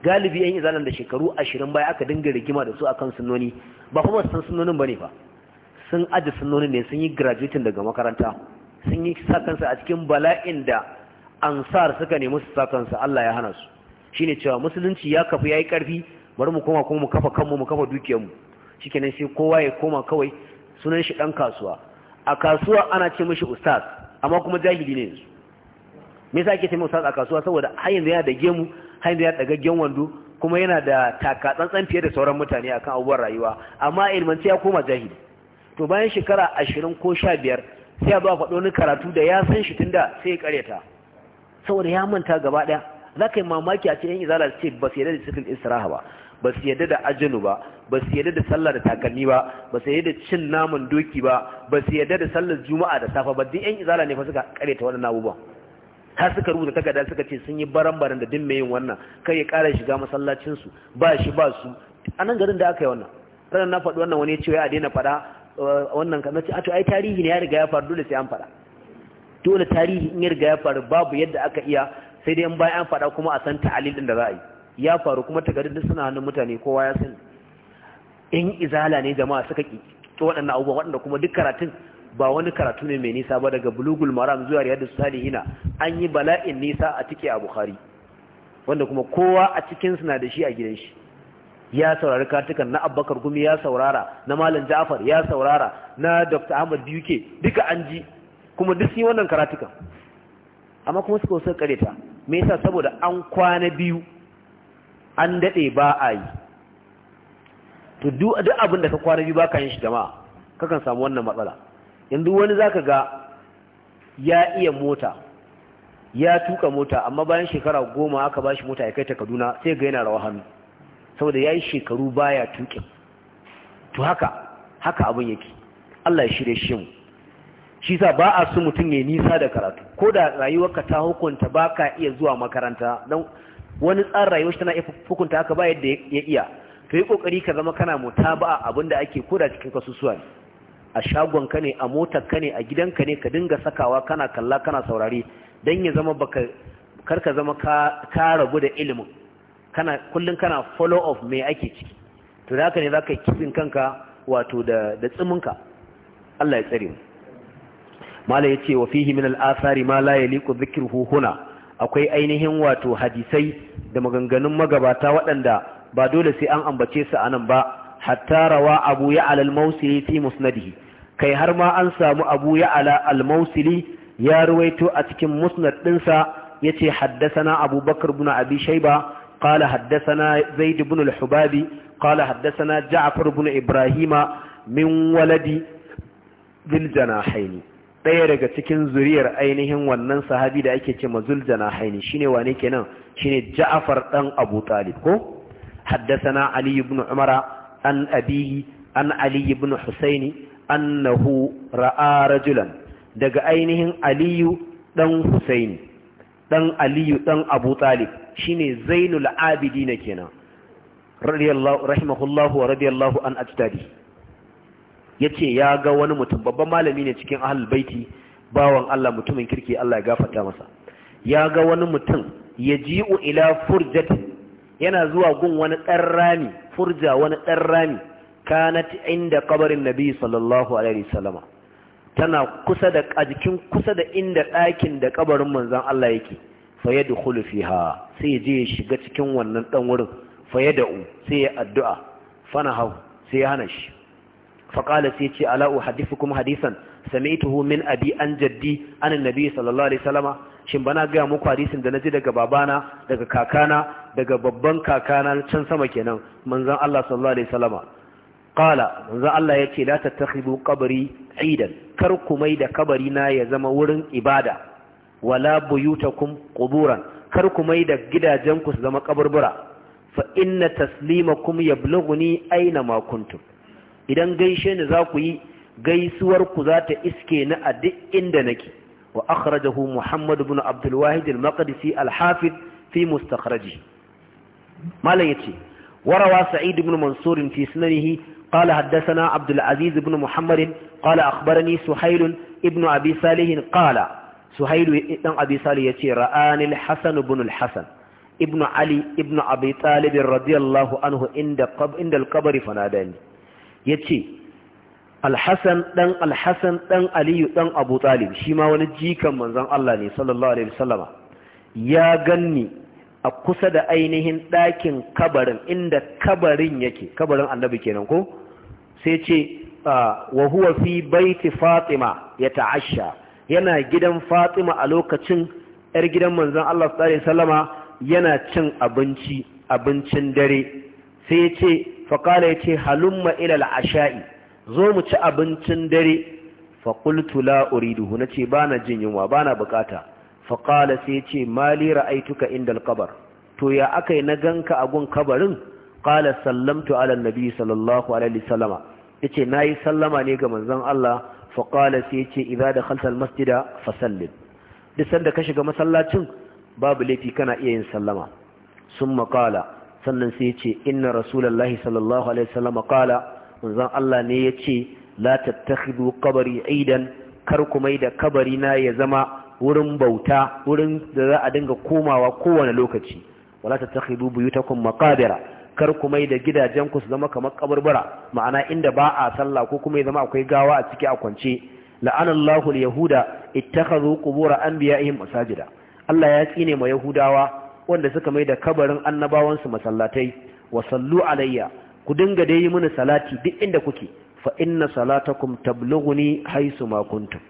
galibi yan izalan da shekaru ashirin baya aka dinga rigima da su akan sunoni ba kuma san ba ne ba. sun aji sunnonin ne sun yi graduating daga makaranta sun yi sa kansa a cikin bala'in da ansar suka nemi su sa kansa Allah ya hana su Shi ne cewa musulunci ya kafi ya yi ƙarfi, bari mu koma kuma mu kafa kanmu mu kafa dukiyarmu shikenan sai kowa ya koma kawai sunan shi ɗan kasuwa a kasuwa ana ce mashi ustaz amma kuma jahili ne yanzu me yasa ake ce masa a kasuwa saboda har yanzu yana da gemu har yanzu yana dagaggen wando kuma yana da taka tsantsan fiye da sauran mutane akan abubuwan rayuwa amma ilmanci ya koma jahili to bayan shekara ashirin ko sha biyar sai ya zo a faɗo wani karatu da ya san shi tunda sai ya karyata saboda ya manta gaba ɗaya za ka yi mamaki a cikin izala ce ba su yarda da cikin Israha ba ba su yarda da ajinu ba ba su yarda da sallah da takalmi ba ba su yarda da cin naman doki ba ba su yarda da sallar juma'a da safa ba duk yan izala ne fa suka karyata waɗannan abubuwan ta suka rubuta takarda suka ce sun yi baran-baran da din yin wannan kai ya ƙara shiga masallacinsu ba shi ba su a nan garin da aka yi wannan ranar na faɗi wannan wani cewa ya daina faɗa uh, wannan kan nace a to ai tarihi ne ya riga ya faru dole sai an faɗa dole tarihi in ya riga ya faru babu yadda aka iya sai dai in bayan an faɗa kuma a san ta'alil din da za a yi ya faru kuma takardun duk suna hannun mutane kowa ya sani in izala ne jama'a suka ki to waɗannan abubuwa waɗanda kuma duk karatun ba wani karatu ne mai nisa ba daga bulugul maram zuwa riyadus salihina an yi bala'in nisa a cike a bukhari wanda kuma kowa a cikin suna da shi a gidan shi ya saurari katukan na abbakar gumi ya saurara na malam ja'far ya saurara na dr ahmad buk duka an ji kuma duk sun wannan karatukan amma kuma suka wasu kareta me yasa saboda an kwana biyu an dade ba a yi to duk abin da ka kwana biyu ba ka yin shi jama'a kakan samu wannan matsala yanzu wani zaka ga ya iya mota ya tuka mota amma bayan shekara goma aka bashi mota ya kai ta kaduna sai ga yana rawa hannu saboda ya yi shekaru baya tukin to haka haka abin yake Allah ya shirya shi mu shi sa ba a su mutum ya nisa da karatu ko da rayuwarka ta hukunta ba ka iya zuwa makaranta don wani tsarin rayuwar tana iya hukunta haka ba yadda ya iya to yi kokari ka zama kana mutaba abin da ake da cikin kasusuwa ne a shagonka ne a motarka ne a gidanka ne ka dinga sakawa kana kalla kana saurari, don ya zama baka karka zama ka rabu da ilimin kana kullum kana follow up me ake ciki to da haka ne za ka kisin kanka wato da tsiminka Allah ya tsare mu ya ce wa fihi min al'asari ma la liku zikir huhuna, akwai ainihin wato hadisai da maganganun magabata waɗanda ba dole sai an ambace su a nan ba hatta rawa abu ya'ala al-mausili fi musnadihi kai har ma an samu abu ya'ala al-mausili ya ruwaito a cikin musnad dinsa yace haddathana abubakar bakr ibn abi shayba qala haddathana zaid ibn al-hubabi qala haddathana ja'far ibn ibrahima min waladi dhil janahaini ɗaya daga cikin zuriyar ainihin wannan sahabi da ake ce mazuljana haini shine wane kenan shine ja'far dan abu talib ko حدثنا علي بن عمر an abihi an ali ibn husaini annahu ra'a rajulan daga ainihin aliyu dan husaini dan aliyu dan abu talib shine zainul abidin kenan radiyallahu rahimahullahu wa radiyallahu an ajtadi yace ya ga wani mutum babban malami ne cikin ahlul baiti bawan Allah mutumin kirki Allah ya gafarta masa ya ga wani mutum yaji'u ila furjatin yana zuwa gun wani ɗan rami furja wani ɗan rami kanati inda kabarin nabi sallallahu alaihi wasallama tana kusa da a jikin kusa da inda ɗakin da kabarin manzan Allah yake fa yadkhulu fiha sai je ya shiga cikin wannan ɗan wurin fa yad'u sai ya addu'a fanahu sai ya hana shi fa qala sai ce ala uhaddithukum hadisan sami'tuhu min abi an jaddi an annabi sallallahu alaihi wasallama shin bana ga muku hadisin da naji daga babana daga kakana daga babban kakana can sama kenan manzon Allah sallallahu alaihi wasallama qala manzon Allah yace la tattakhidu qabri idan kar ku mai da kabari na ya zama wurin ibada wala buyutakum quburan kar ku mai da gidajen ku zama kaburbura fa inna taslimakum yablughuni aina ma kuntum idan gaishe ni za ku yi gaisuwar ku za ta iske ni a duk inda nake wa akhrajahu Muhammad ibn Abdul Wahid al-Maqdisi al-Hafiz fi mustakhraji malam yace warawa sa'id ibn mansur fi sunanihi قال حدثنا عبد العزيز بن محمد قال أخبرني سهيل ابن أبي صالح قال سهيل ابن أبي صالح يتي رآني الحسن بن الحسن ابن علي ابن أبي طالب رضي الله عنه عند قب عند القبر فناداني يتي الحسن دن الحسن دن علي دن أبو طالب شي ما وني جيكان منزon Allah ne sallallahu alaihi wasallama ya ganni a kusa da ainihin ɗakin kabarin inda kabarin yake kabarin annabi kenan ko sai ce ah, wa huwa fi baiti fatima ya ta'asha yana gidan fatima a lokacin yar gidan manzon Allah sallallahu yana cin abinci abincin dare sai ce faqala yace halumma ila al-asha'i zo mu ci abincin dare faƙultu la uridu na ce jin yunwa bana bukata faƙala sai ce mali ra'aituka inda alƙabar to ya aka yi na ganka a gun kabarin ƙala sallamtu ala nabi sallallahu alaihi sallama ya ce na yi sallama ne ga manzon Allah faƙala sai ce idza da khalsal masjida fasallin duk sanda ka shiga masallacin babu laifi kana iya yin sallama sun maƙala sannan sai ce inna rasulallahi sallallahu alaihi sallama ƙala manzon Allah ne ya ce la tattakhidu qabri aidan kar ku mai da kabari na ya zama wurin bauta wurin da za a dinga komawa kowane lokaci wala tattakhidhu kun makabira. kar ku mai da gidajen ku su zama kamar kaburbura ma'ana inda ba a sallah ko kuma ya zama akwai gawa a ciki a kwance la'anallahu al-yahuda an biya anbiya'ihim masajida Allah ya tsine ma yahudawa wanda suka mai da kabarin annabawan su masallatai wa sallu alayya ku dinga dai yi mini salati duk inda kuke fa inna salatakum tablughuni haythu ma kuntum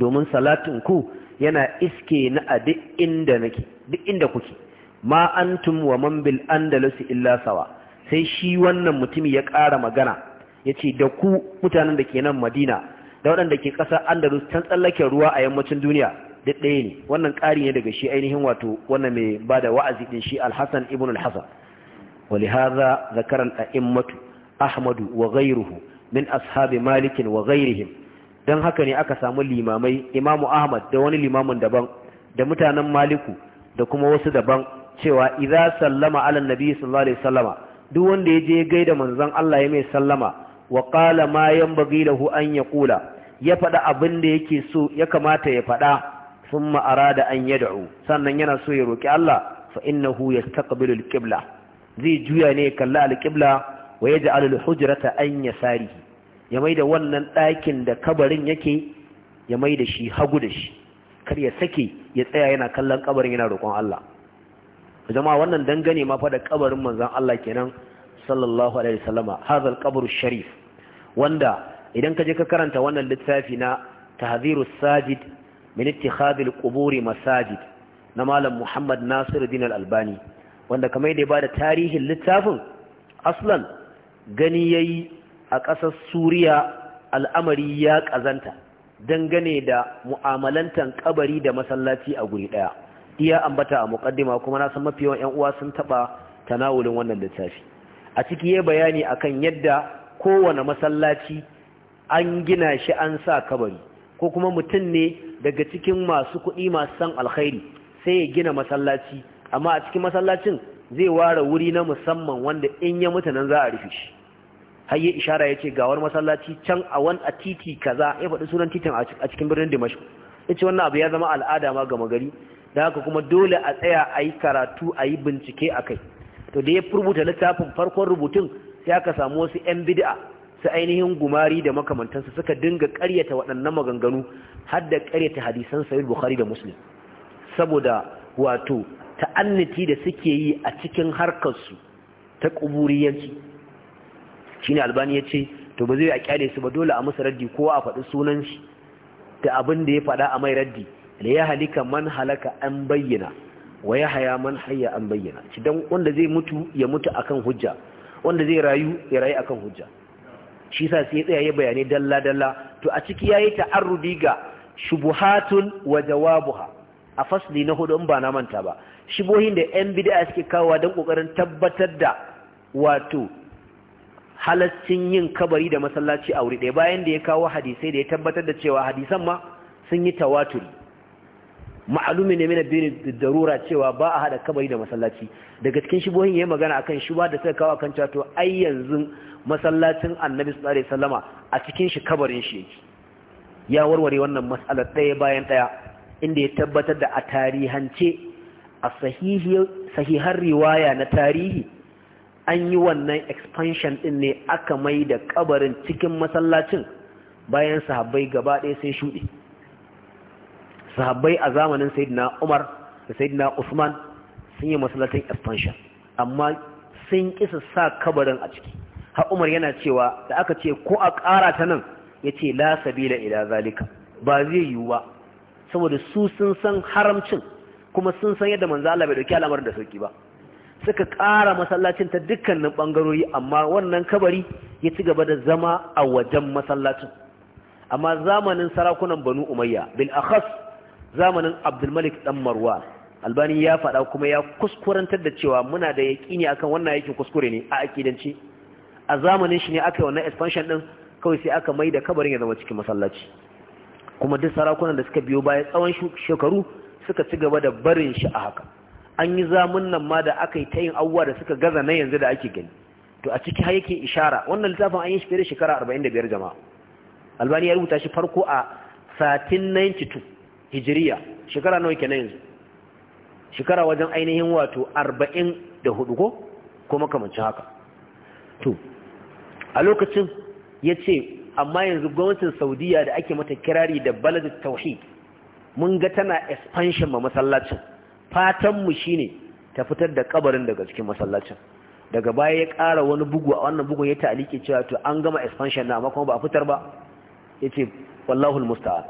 domin salatin ku yana iske na a duk inda nake duk inda kuke ma antum wa man bil andalus illa sawa sai shi wannan mutumi ya ƙara magana yace da ku mutanen da ke nan Madina da waɗanda ke ƙasar Andalus can tsallaken ruwa a yammacin duniya duk ɗaya ne wannan ƙari ne daga shi ainihin wato wannan mai ba da wa'azi din shi alhassan hasan ibn Al-Hasan ولهذا ذكر الأئمة أحمد وغيره من أصحاب مالك وغيرهم don haka ne aka samu limamai imamu ahmad da wani limamin daban da mutanen maliku da kuma wasu daban cewa idza sallama ala nabi sallallahu alaihi wasallama duk wanda ya je gaida manzon Allah ya mai sallama wa qala ma yanbaghi lahu an yaqula ya faɗa abin da yake so ya kamata ya faɗa thumma arada an yad'u sannan yana so ya roki Allah fa innahu yastaqbilu al-qibla zai juya ne kalla al-qibla wa yaj'alu al-hujrata an yasarihi ya mai da wannan ɗakin da kabarin yake ya mai da shi hagu da shi kar ya sake ya tsaya yana kallon kabarin yana roƙon Allah jama'a wannan dangane ma fa da kabarin manzon Allah kenan sallallahu alaihi wasallama hadal al sharif wanda idan ka je ka karanta wannan littafi na tahziru sajid min ittikhadh al-qubur masajid na malam Muhammad Nasiruddin al-Albani wanda kamar da ya bada tarihin littafin aslan gani yayi a ƙasar suriya al'amari ya ƙazanta dangane da mu'amalantan ƙabari da masallaci a guri ɗaya iya ambata a muƙaddima kuma na san mafi yawan 'yan uwa sun taɓa tanawulin wannan littafi a ciki ya bayani a kan yadda kowane masallaci an gina shi an sa kabari ko kuma mutum ne daga cikin masu kuɗi masu san alkhairi sai ya gina masallaci amma a cikin masallacin zai ware wuri na musamman wanda in ya mutu nan za a rufe shi har yi ishara ya ce gawar masallaci can a wani a titi kaza ya faɗi sunan titin a cikin birnin dimashi ya ce wannan abu ya zama al'ada ma gama gari da haka kuma dole a tsaya a yi karatu a yi bincike a kai to da ya rubuta littafin farkon rubutun sai aka samu wasu 'yan bid'a su ainihin gumari da makamantansu suka dinga karyata waɗannan maganganu har da karyata hadisan sahih bukhari da muslim saboda wato ta'annati da suke yi a cikin harkar su ta kuburiyanci shine albani ya ce to ba zai a kyale su ba dole a musu raddi kowa a faɗi sunan shi da abin da ya faɗa a mai raddi da ya halika man halaka an bayyana wa ya haya man hayya an bayyana shi dan wanda zai mutu ya mutu akan hujja wanda zai rayu ya rayu akan hujja shi sa sai ya tsaya ya bayane dalla dalla to a ciki ya yi ta'arrudi ga shubuhatun wa jawabuha a fasli na hudu ba na manta ba shibohin da yan bid'a suke kawo don kokarin tabbatar da wato halaccin yin kabari da masallaci a wuri ɗaya bayan da ya kawo hadisai da ya tabbatar da cewa hadisan ma sun yi tawaturi ma'alumi ne mina bin darura cewa ba a hada kabari da masallaci daga cikin ya yayin magana akan shuba da suka kawo akan cewa to ai yanzu masallacin annabi sallallahu alaihi wasallama a cikin shi kabarin shi yake ya warware wannan mas'alar ɗaya bayan ɗaya inda ya tabbatar da a tarihance a sahihar riwaya na tarihi an yi wannan expansion ɗin ne aka mai da kabarin cikin masallacin bayan sahabbai gaba ɗaya sai shuɗe sahabbai a zamanin sayyidina umar da sayyidina usman sun yi masallacin expansion amma sun kisa sa kabarin a ciki har umar yana cewa da aka ce ko a ƙara ta nan ya ce la sabila ila zalika ba zai yiwu ba saboda su sun san haramcin kuma sun san yadda manzo Allah bai dauki al'amarin da sauki ba suka ƙara masallacin ta dukkanin ɓangarori amma wannan kabari ya ci gaba da zama a wajen masallacin amma zamanin sarakunan banu umayya bil akhas zamanin abdulmalik dan marwa albani ya faɗa kuma ya kuskurantar da cewa muna da yaƙini akan wannan yake kuskure ne a akidance. a zamanin shi ne aka yi wannan expansion din kawai sai aka mai da kabarin ya zama cikin masallaci kuma duk sarakunan da suka biyo baya tsawon shekaru suka ci gaba da barin shi a haka an yi zamun nan ma da aka yi ta yin abubuwa da suka gaza na yanzu da ake gani to a ciki har yake ishara wannan littafin an yi shi fiye da shekara 45 jama'a albani ya rubuta shi farko a 1392 hijiriya shekara nawa na yanzu shekara wajen ainihin wato 44 ko ko makamancin haka to a lokacin ya ce amma yanzu gwamnatin saudiya da ake mata kirari da balad tauhid mun ga tana expansion ma masallacin fatanmu shine ta fitar da kabarin daga cikin masallacin daga baya ya ƙara wani bugu a wannan bugun ya ta'alike cewa to an gama expansion na amma kuma ba a fitar ba yace wallahu almusta'an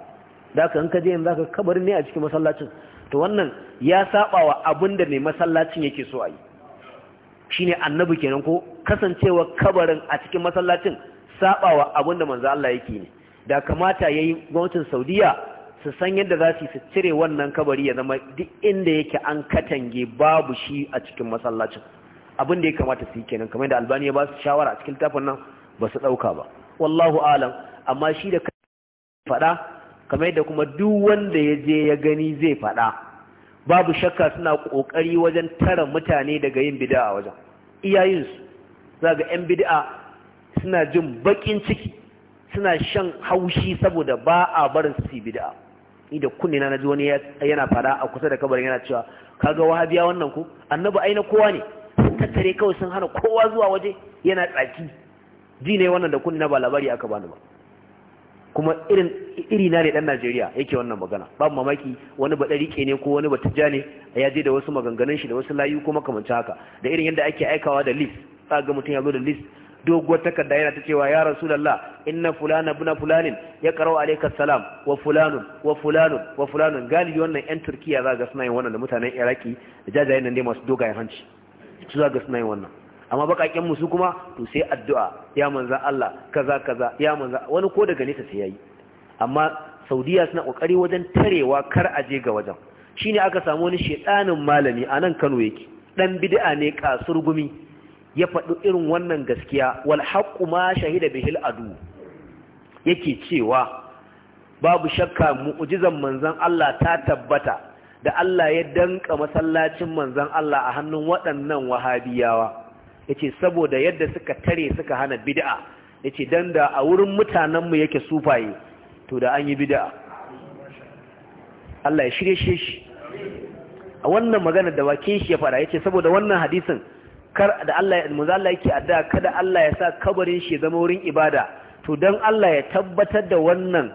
da ka in ka je yanzu zaka kabarin ne a cikin masallacin to wannan ya saba wa abinda mai masallacin yake so a yi shine annabi kenan ko kasancewa kabarin a cikin masallacin saba wa da manzo Allah yake ne da kamata yayi gwamnatin Saudiya su san yadda za su cire wannan kabari ya zama duk inda yake an katange babu shi a cikin masallacin abin ya kamata su yi kenan kamar da albaniya ba su shawara a cikin tafin nan ba su ɗauka ba wallahu alam amma shi da faɗa kamar da kuma duk wanda ya je ya gani zai faɗa babu shakka suna ƙoƙari wajen tara mutane daga yin bid'a wajen iyayensu za ga 'yan bid'a suna jin baƙin ciki suna shan haushi saboda ba a barin su bid'a ni da kunne na naji wani yana fada a kusa da kabarin yana cewa kaga wahabiya wannan ku annabi aina kowa ne tattare kawai sun hana kowa zuwa waje yana tsaki ji ne wannan da kunnina ba labari aka bani ba kuma irin iri na ne dan Najeriya yake wannan magana babu mamaki wani ba darike ne ko wani ba tijja ne ya je da wasu maganganun shi da wasu layu kuma kamar haka da irin yadda ake aikawa da list ga mutum ya zo da list doguwar takarda yana ta cewa ya rasulallah inna fulana buna fulanin ya karo alaikar salam wa fulanun wa fulanun wa fulanun galibi wannan yan turkiya za ga suna wannan da mutanen iraki da jajayen nan dai masu dogayen hanci su za ga suna wannan amma bakakken musu kuma to sai addu'a ya manzan Allah kaza kaza ya manzan wani ko daga nesa sai yayi amma saudiya suna kokari wajen tarewa kar a je ga wajen shine aka samu wani shedanin malami a nan Kano yake dan bid'a ne kasurgumi ya faɗi irin wannan gaskiya wal haqqu ma shahida bihil adu yake cewa babu shakka mu'jizan manzon Allah ta tabbata da Allah ya danka masallacin manzon Allah a hannun waɗannan wahabiyawa yace saboda yadda suka tare suka hana bid'a yace dan da a wurin mutanen mu yake sufaye to da an yi bid'a Allah ya shirye shi a wannan magana da wake shi ya fara yace saboda wannan hadisin kar da Allah manzo Allah yake addu'a kada Allah ya sa kabarin shi zama wurin ibada to dan Allah ya tabbatar da wannan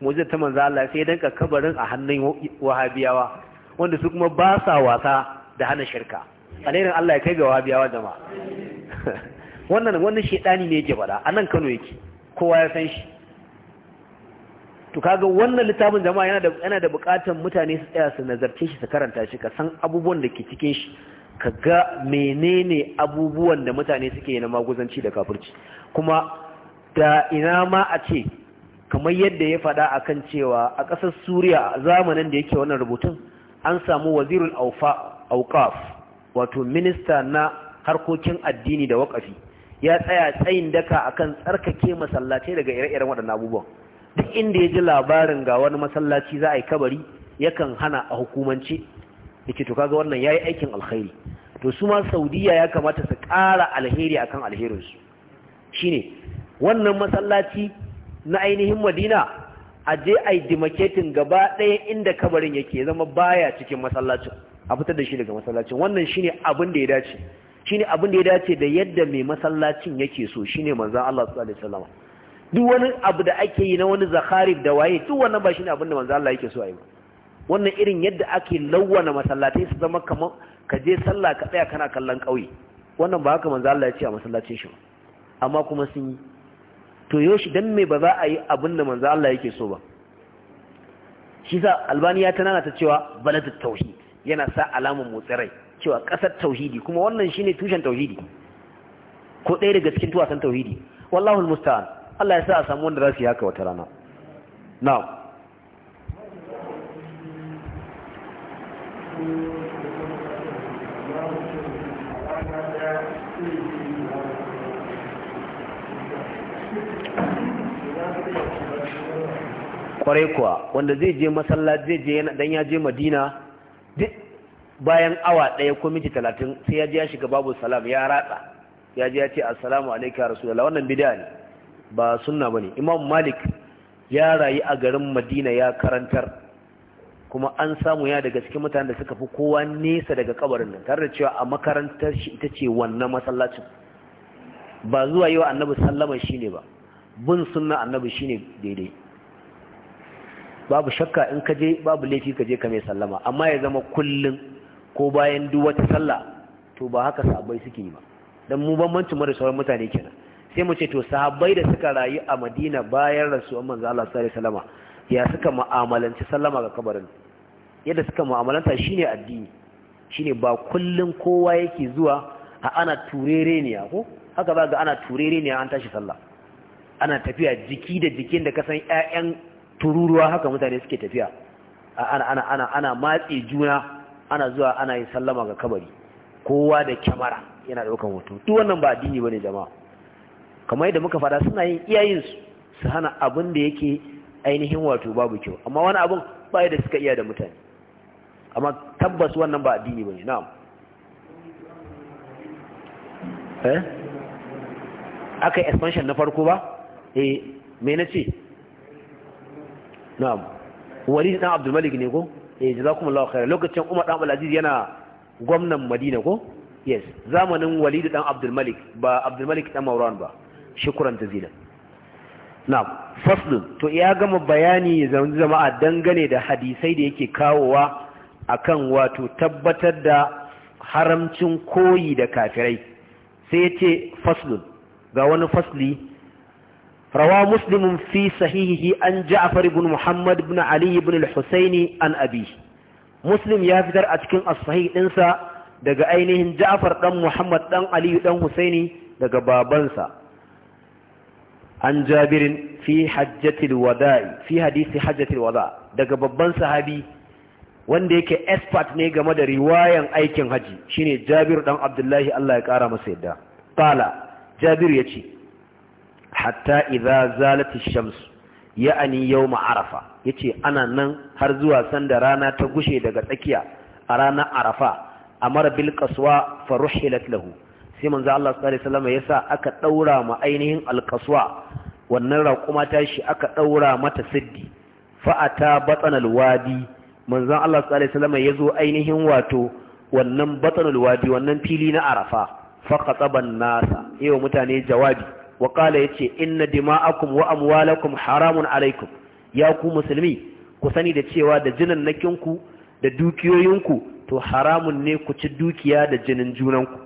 mu'jiza ta manzo Allah sai danka kabarin a hannun wahabiyawa wanda su kuma ba sa wasa da hana shirka alairin Allah ya kai ga wahabiyawa jama'a wannan wannan shedani ne yake bada anan Kano yake kowa ya san shi to kaga wannan littafin jama'a yana da yana da bukatun mutane su tsaya su nazarce shi su karanta shi ka san abubuwan da ke cikin shi ka ga menene abubuwan da mutane suke na maguzanci da kafirci kuma da ina ma a ce kamar yadda ya faɗa a kan cewa a ƙasar suriya zamanin da yake wannan rubutun an samu wazirul auƙaf wato minista na harkokin addini da waƙafi ya tsaya tsayin daka a kan tsarkake masallaci daga ire-iren waɗannan abubuwan duk inda ya ji labarin ga wani masallaci za a yi kabari yakan hana a hukumance yace to kaga wannan yayi aikin alkhairi to su ma saudiya ya kamata su ƙara alheri akan alherinsu shine wannan masallaci na ainihin madina a je a yi gaba ɗaya inda kabarin yake zama baya cikin masallacin a fitar da shi daga masallacin wannan shine abin da ya dace shine abin da ya dace da yadda mai masallacin yake so shine manzon Allah sallallahu alaihi wasallam duk wani abu da ake yi na wani zakharif da waye duk wannan ba shine abin da manzon Allah yake so a yi ba wannan irin yadda ake lawwana masallatai su zama kamar ka je sallah ka tsaya kana kallon ƙauye wannan ba haka manzo Allah ya ce a masallacin shi amma kuma sun yi to yoshi dan me ba za a yi abin da manzo Allah yake so ba shi sa albani ya tanana ta cewa balad tauhid yana sa alamun motsi rai cewa ƙasar tauhidi kuma wannan shine tushen tauhidi ko ɗaya daga cikin tuwasan tauhidi wallahu musta'an Allah ya sa a samu wanda za su yi haka wata rana na'am kwarai kuwa wanda zai je masallaci zai je dan ya je madina duk bayan awa ɗaya ko miji talatin sai ya je ya shiga babu salam ya ratsa ya je ya ce assalamu alaikum ya rasu wannan bidiya ne ba sunna ne. imam malik ya rayu a garin madina ya karantar kuma an samu ya daga cikin mutane da suka fi kowa nesa daga kabarin nan tare da cewa a makarantar shi ita ce wannan masallacin ba zuwa yi wa annabi sallama ne ba bin sunna annabi ne daidai babu shakka in ka je babu laifi ka je ka mai sallama amma ya zama kullum ko bayan duk wata to ba haka sahabbai suke yi ba dan mu bambancin mu da mutane kenan sai mu ce to sahabbai da suka rayu a Madina bayan rasuwar manzo Allah sallallahu ya suka mu'amalanci sallama ga kabarin yadda suka mu'amalanta shine addini shine ba kullum kowa yake zuwa a ana turere ne ko haka ba ga ana turere ne an tashi sallah ana tafiya jiki da jikin da kasan ƴaƴan tururuwa haka mutane suke tafiya ana ana ana ana matse juna ana zuwa ana yin sallama ga kabari kowa da kyamara yana ɗaukan hoto duk wannan ba addini bane jama'a kamar yadda muka fara suna yin iyayensu su hana abin da yake ainihin wato babu kyau amma wani abin ba da suka iya da mutane amma tabbas wannan ba addini ne na'am eh aka yi expansion na farko ba eh me na ce na'am wani dan abdul malik ne ko eh jazakumullahu khairan lokacin umar dan abdul yana gwamnan madina ko yes zamanin walidu dan abdul malik ba abdul malik dan mauran ba ta zina na'am faslun to ya gama bayani zama a dangane da hadisai da yake kawowa akan wato tabbatar da haramcin koyi da kafirai sai ya ce faslun ga wani fasli rawa muslimun fi sahihihi an ja'afar ibn muhammad ibn ali ibn al-husaini an abi muslim ya fitar a cikin as-sahih dinsa daga ainihin ja'far dan muhammad dan ali dan husaini daga babansa an jabirin fi hajjatil wada'i fi hadisi hajjatil wada daga babban sahabi wanda yake expert ne game da riwayan aikin haji shine Jabir dan Abdullahi Allah ya kara masa yadda qala Jabir yace hatta idza Zalatu Shamsu shams ya'ani yawm arafa yace ana nan har zuwa sanda rana ta gushe daga tsakiya a ranar arafa amara bil qaswa fa ruhilat lahu sai manzo Allah sallallahu alaihi wasallam yasa aka daura ma ainihin al qaswa wannan raƙuma ta shi aka daura mata siddi fa ata batsanal wadi manzon Allah sallallahu ya zo yazo ainihin wato wannan batanul wadi wannan fili na arafa Faka tsaban nasa yau mutane jawabi wa qala yace inna dima'akum wa amwalakum haramun alaikum ya ku musulmi ku sani da cewa da jinan nakinku da dukiyoyinku to haramun ne ku ci dukiya da jinin junanku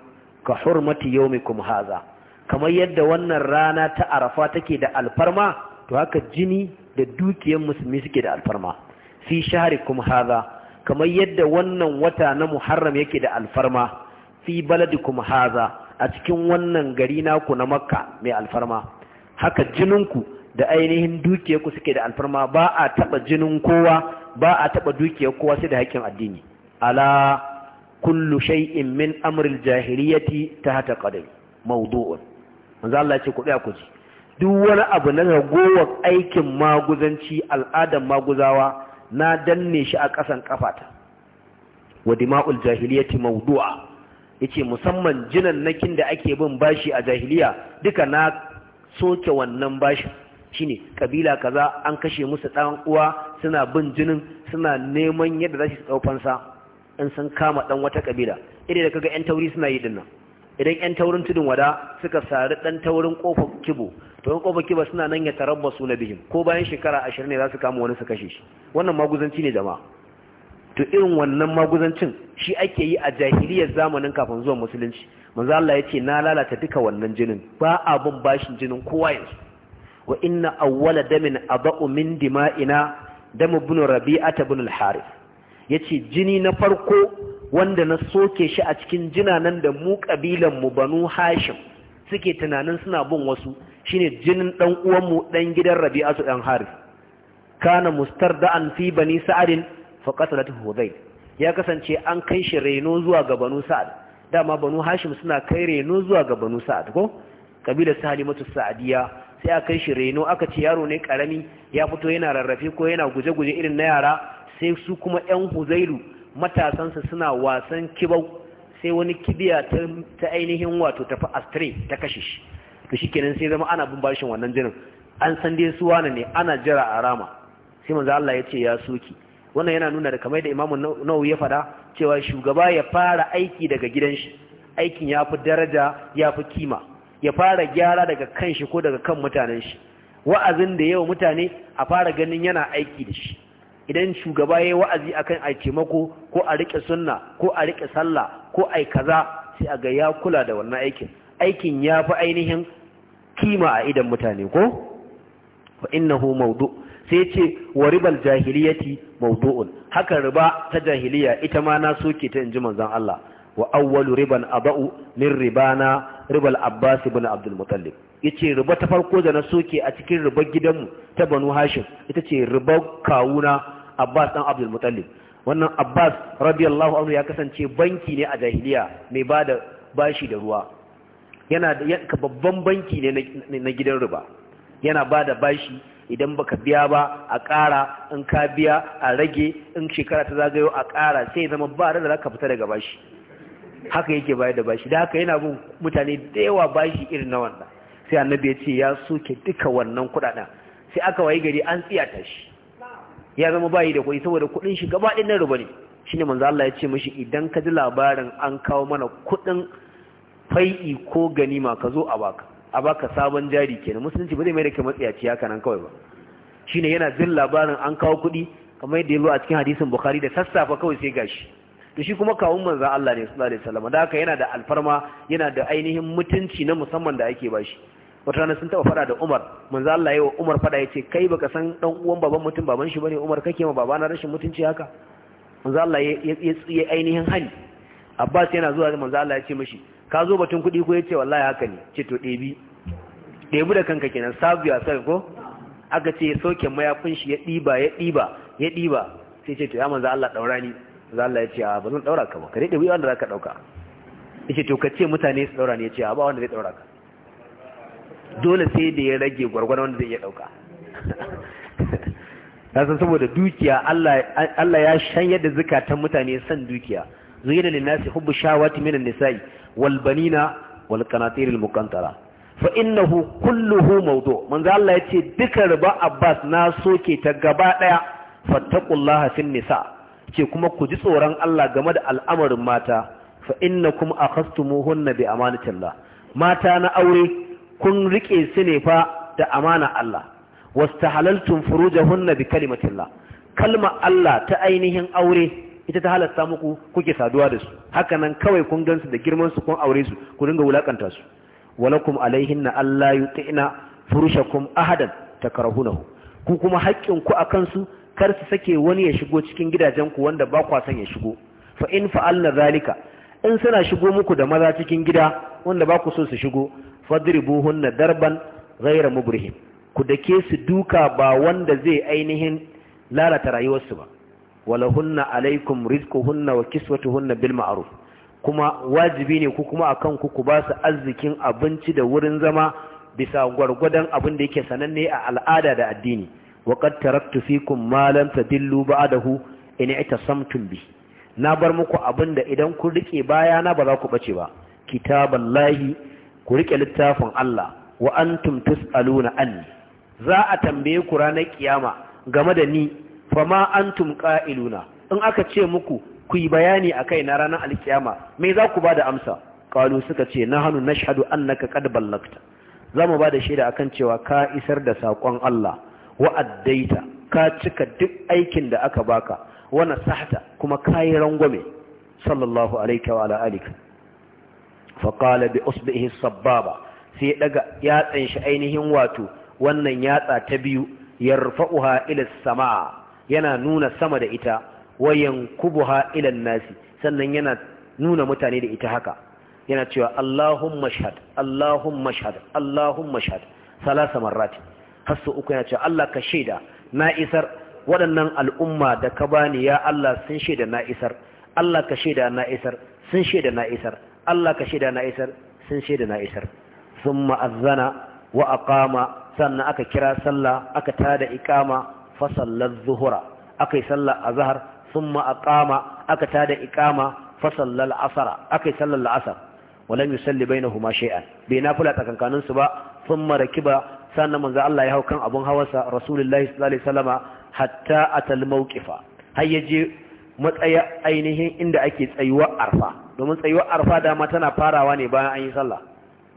ka hurmati kuma haza kamar yadda wannan rana ta arafa take da alfarma to haka jini da dukiyan musulmi suke da alfarma fi kuma hadha kamar yadda wannan wata na Muharram yake da alfarma fi baladikum hadha a cikin wannan gari naku na Makka mai alfarma haka jininku da ainihin dukiyarku suke da alfarma ba a taba jinin kowa ba a taba dukiyar kowa sai da hakkin addini ala kullu shay'in min amril jahiliyyati tahta qadam mawdu'un manzo Allah ce ku tsaya ku ji duk wani abu na ragowar aikin maguzanci al'adan maguzawa na danne shi a ƙasan ƙafata wa dima'ul jahiliyati mawdu'a yace musamman jinan nakin da ake bin bashi a jahiliya duka na soke wannan bashi shine kabila kaza an kashe musu dan uwa suna bin jinin suna neman yadda za su daukan in sun kama ɗan wata kabila irin da kaga yan tauri suna yi dinnan idan ƴan taurin tudun wada suka sari ɗan taurin kofar kibo to yan ƙofar kibo suna nan ya tarabbasu na bihim ko bayan shekara ashirin ne za su kama wani su kashe shi wannan maguzanci ne jama'a to irin wannan maguzancin shi ake yi a jahiliyar zamanin kafin zuwan musulunci manzo Allah ya ce na lalata duka wannan jinin ba a bin bashin jinin kowa yanzu wa inna awwala damin aba'u min dima'ina damu ibn rabi'ata ibn al-harith yace jini na farko wanda na soke shi a cikin jina nan da mu kabilan mu banu hashim suke tunanin suna bin wasu shine jinin dan uwan mu dan gidan rabi'atu dan harith kana mustarda'an fi bani sa'ad fa qatalat hudayl ya kasance an kai shi reno zuwa ga banu sa'ad dama banu hashim suna kai reno zuwa ga banu sa'ad ko kabilar salimatu Sadiya. sai a kai shi reno aka ce yaro ne karami ya fito yana rarrafe ko yana guje-guje irin na yara sai su kuma 'yan huzailu matasansa suna wasan kibau sai wani kibiya ta ainihin wato tafi astray ta kashe shi to shikenan sai zama ana bin bashin wannan jinin an san dai su wani ne ana jira a rama sai manzo Allah ya ce ya soki wannan yana nuna da kamar da Imam Nawawi ya fada cewa shugaba ya fara aiki daga gidan shi aikin ya fi daraja ya fi kima ya fara gyara daga kan shi ko daga kan mutanen shi wa'azin da yau mutane a fara ganin yana aiki da shi idan shugaba ya yi wa'azi a kan aikimako ko a riƙe sunna ko a riƙe sallah ko a kaza sai a ga ya kula da wannan aikin aikin ya fi ainihin kima a idan mutane ko fa innahu maudu sai ce wa ribar jahiliyati maudu'un haka riba ta jahiliya ita ma na soke ta inji manzan Allah wa awwalu riban aba'u min ribana ribal abbas ibn abdul muttalib yace riba ta farko da na soke a cikin riba gidanmu ta banu hashim ita ce riba kawuna Abbas dan Abdul Muttalib wannan Abbas radiyallahu anhu ya kasance banki ne a jahiliya mai bada bashi da ruwa yana da babban banki ne na gidan riba yana bada bashi idan baka biya ba a ƙara in ka biya a rage in shekara ta zagayo a ƙara sai zama ba da ka fita daga bashi haka yake bayar da bashi da haka yana bin mutane da yawa bashi irin na wanda. sai annabi ya ce ya soke duka wannan kuɗaɗen sai aka wayi gari an tsiyata shi ya zama bayi da kuɗi saboda kuɗin shi gaba ɗin na ruba ne shine manzo Allah ya ce mashi idan ka ji labarin an kawo mana kuɗin fai'i ko ganima ka zo a baka sabon jari kenan musulunci ba zai mai da kai matsiyaci haka nan kawai ba shine yana jin labarin an kawo kuɗi kamar yadda ya zo a cikin hadisin Bukhari da sassafa kawai sai gashi to shi kuma kawun manzo Allah ne sallallahu alaihi wasallam da haka yana da alfarma yana da ainihin mutunci na musamman da ake bashi wata rana sun taba fada da Umar manzo Allah yayi wa Umar fada yace kai baka san dan uwan baban mutum baban shi bane Umar kake ma babana rashin mutunci haka manzo Allah ya tsiye ainihin hali Abbas yana zuwa manzo Allah ya ce mishi ka zo batun kudi ko yace wallahi haka ne ce to debi debi da kanka kenan sabiya sai ko aka ce soke mayafin shi ya diba ya diba ya diba sai ce to ya manzo Allah daura ni manzo Allah ya ce a zan daura ka ba ka dai debi wanda zaka dauka yace to ka ce mutane su daura ni yace a ba wanda zai daura ka dole sai da ya rage gwargwadon wanda zai iya dauka kasan saboda dukiya Allah ya shanyar da zukatan mutane san dukiya zuyina linnasi hubbu shawati minan nisa'i wal banina wal qanatir al muqantara fa innahu kulluhu mawdu manzo Allah yace duka riba Abbas na soke ta gaba daya fattaqullaha fin nisa ce kuma ku ji tsoron Allah game da al'amarin mata fa innakum akhastumuhunna bi amanatillah mata na aure kun rike su ne fa da amana Allah wastahalaltum furujahunna bi kalimatillah kalma Allah ta ainihin aure ita ta halatta muku kuke saduwa da su haka nan kawai kun gansu da girman su kun aure su ku dinga wulakanta su walakum alaihinna ina yutina furushakum ahadan takrahunahu ku kuma haƙƙin ku akan su kar su sake wani ya shigo cikin gidajen ku wanda ba kwa son ya shigo fa in fa'alna zalika in suna shigo muku da maza cikin gida wanda ba ku so su shigo fadribuhunna darban ghayra mubrihim ku dake su duka ba wanda zai ainihin lalata rayuwarsu ba walahunna alaikum rizquhunna wa kiswatuhunna bil ma'ruf kuma wajibi ne ku kuma akan ku ku ba su arzikin abinci da wurin zama bisa gwargwadon abin da yake sananne a al'ada da addini wa qad taraktu fikum ma lam tadillu ba'dahu in i'tasamtum bi na bar muku abin da idan kun rike baya na ba za ku bace ba kitaballahi ku rike littafin Allah wa antum tus'aluna an za a tambaye ku ranar kiyama game da ni fama antum qa'iluna in aka ce muku ku yi bayani kai na ranar alkiyama me za ku da amsa qalu suka ce nahnu nashhadu annaka qad ballagta za mu bada shaida a kan cewa ka isar da saƙon Allah wa addaita ka cika duk aikin da aka baka wa nasahta kuma kayi rangwame sallallahu alaihi wa alihi faƙala bi usbihi sababa sai daga yatsan shi ainihin wato wannan yatsa ta biyu yarfa'uha ila sama'a yana nuna sama da ita wayan kubuha ila nasi sannan yana nuna mutane da ita haka yana cewa Allahumma shahad Allahumma shahad Allahumma shahad salasa marrati har uku yana cewa Allah ka shaida na isar waɗannan al'umma da ka bani ya Allah sun shaida na isar Allah ka shaida na isar sun shaida na isar Allah ka shaida na isar sun shaida na isar thumma azana wa aqama sannan aka kira sallah aka tada iqama fa sallat zuhra akai sallah azhar thumma aqama aka tada iqama fa sallal asra akai sallal asr walam yusalli bainahuma shay'an bai nafila tsakankanin su ba thumma rakiba sannan manzo Allah ya hau kan abun hawarsa rasulullahi sallallahu alaihi wasallama hatta atal mawqifa har yaje matsaya ainihin inda ake tsayuwa arfa domin tsayuwar arfa dama tana farawa ne bayan an yi sallah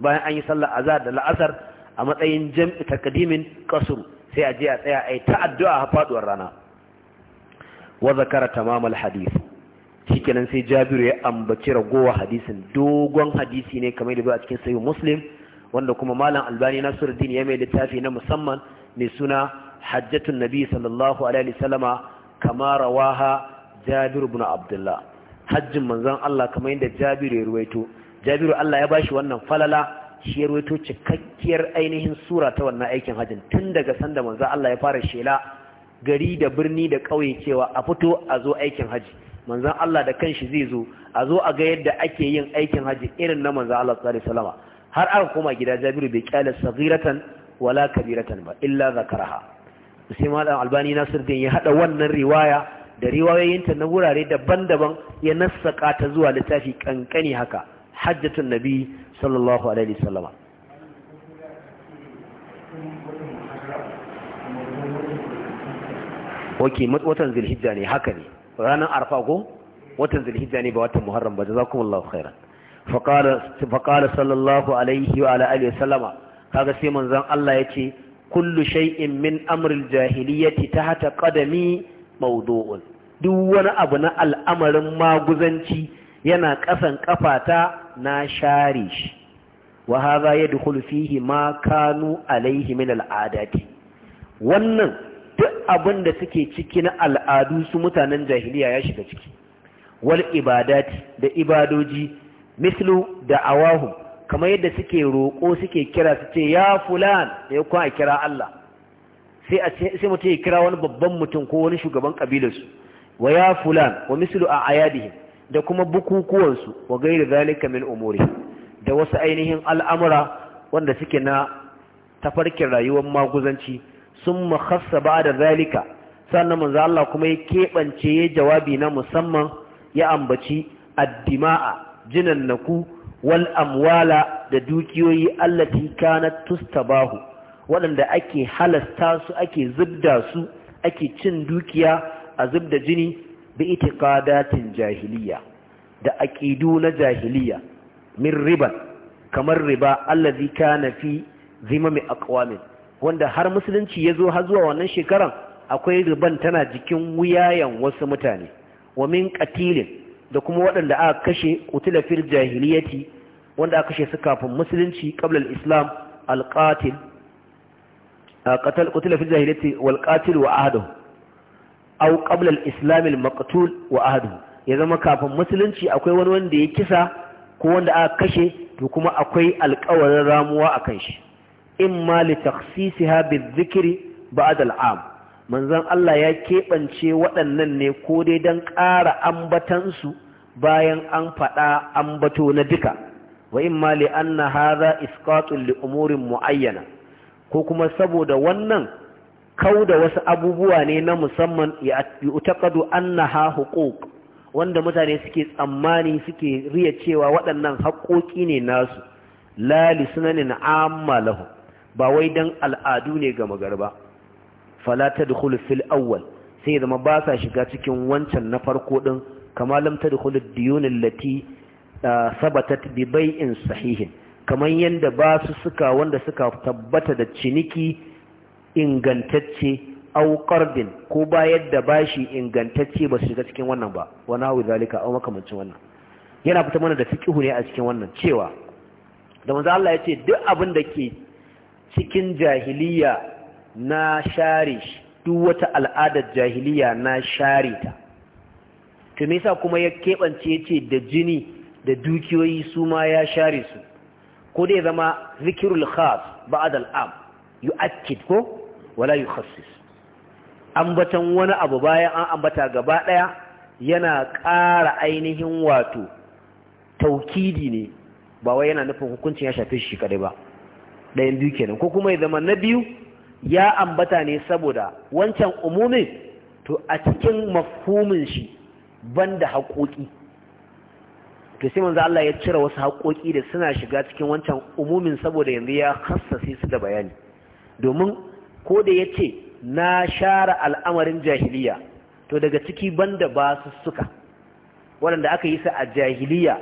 bayan an yi sallah azhar da la'asar a matsayin jam'i takdimin qasr sai a je a tsaya ai ta addu'a a faduwar rana wa zakara tamam al hadith shikenan sai Jabiru ya ambaci ragowa hadisin dogon hadisi ne kamar da ba a cikin sahih Muslim wanda kuma malam Albani Nasiruddin ya mai littafi na musamman mai suna Hajjatun Nabi sallallahu alaihi wasallama kama rawaha Jabir ibn Abdullah hajjin manzon Allah kamar yadda Jabiru ya ruwaito Jabiru Allah ya bashi wannan falala shi ya ruwaito cikakkiyar ainihin sura ta wannan aikin hajjin tun daga sanda manzon Allah ya fara shela gari da birni da ƙauye cewa a fito a zo aikin haji manzon Allah da kanshi zai zo a zo a ga yadda ake yin aikin hajji irin na manzon Allah sallallahu alaihi wasallam har aka koma gida Jabiru bai kyale saghiratan wala kabiratan ba illa zakaraha sai malam albani Nasiruddin din ya hada wannan riwaya da riwayoyinta na wurare daban-daban ya nassaka ta zuwa littafi kankani haka hajjatun nabi sallallahu alaihi wasallama ok watan zulhijja ne haka ne ranar arfa ko watan zulhijja ne ba watan muharram ba jazakumullahu khairan faqala sallallahu alaihi wa ala alihi wasallama kaga sai manzon Allah ya ce kullu shay'in min amril jahiliyyati tahta qadami maudu'un. duk wani abu na al'amarin maguzanci yana ƙasan ƙafata na share shi wa haza ya fihi ma kanu alaihi min al'adati wannan duk abin da suke ciki na al'adu su mutanen jahiliya ya shiga ciki wal ibadati da ibadoji mislu da Awahu, kamar yadda suke roƙo suke kira su ce ya fulan da ya kira Allah sai mutum ya kira wani babban mutum ko wani shugaban ƙabilarsu wa ya fulan wa mislu a ayadihim da kuma bukukuwansu wa gairi zalika min umuri da wasu ainihin al'amura wanda suke na tafarkin rayuwar maguzanci sun makhassa ba da zalika sannan manzo Allah kuma ya keɓance ya jawabi na musamman ya ambaci addima'a jinan naku wal amwala da dukiyoyi allati kanat tustabahu waɗanda ake halasta su ake zubda su ake cin dukiya a da jini bi itiqadatin jahiliya da aqidu na jahiliya min riba kamar riba allazi kana fi zimami aqwamin wanda har musulunci ya zo har zuwa wannan shekaran akwai riban tana jikin wuyayen wasu mutane wa min qatilin da kuma waɗanda aka kashe qutila fil jahiliyati wanda aka kashe su kafin musulunci qabla al-islam al-qatil qatal qutila fil jahiliyati wal qatil wa ahdahu au qabla islamil maqtul wa ahduhu ya zama kafin musulunci akwai wani wanda ya kisa ko wanda aka kashe to kuma akwai alƙawarin ramuwa akan shi imma li takhsisiha bi-dhikri ba'd al-am manzon Allah ya keɓance waɗannan ne ko dai don ƙara ambatansu bayan an faɗa ambato na duka wa imma li anna hadha isqatun li umurin muayyana ko kuma saboda wannan Kau da wasu abubuwa ne na musamman yu'taqadu annaha huquq wanda mutane suke tsammani suke riya cewa waɗannan haƙoƙi ne nasu lali ne sunanin amma lahu ba wai dan al'adu ne ga magarba falata da fil awwal sai zama ba sa shiga cikin wancan na farko din kama lam da ad-diyun allati sabatat bai in sahihin kamar yadda ba su suka wanda suka tabbata da ciniki ingantacce auƙardin ko bayar da bashi ingantacce ba su shiga cikin wannan ba wani hau zalika au makamancin wannan yana fita mana da fiqhu ne a cikin wannan cewa da manzo Allah ya ce duk abin da ke cikin jahiliya na share shi duk wata al'adar jahiliya na share ta to me kuma ya keɓance ya ce da jini da dukiyoyi su ma ya share su ko dai zama zikirul khas ba'ad al'am yu'akkid ko wala yukhassis ambatan wani abu bayan an ambata gaba daya yana ƙara ainihin wato taukidi ne ba wai yana nufin hukuncin ya shafi shi kadai ba ɗayan biyu kenan ko kuma ya zama na biyu ya ambata ne saboda wancan umumin to a cikin mafhumin shi banda haƙoƙi to sai manzo Allah ya cire wasu haƙoƙi da suna shiga cikin wancan umumin saboda yanzu ya hassasi su da bayani domin ko da ya ce na share al'amarin jahiliya to daga ciki banda ba su suka waɗanda aka yi su a jahiliya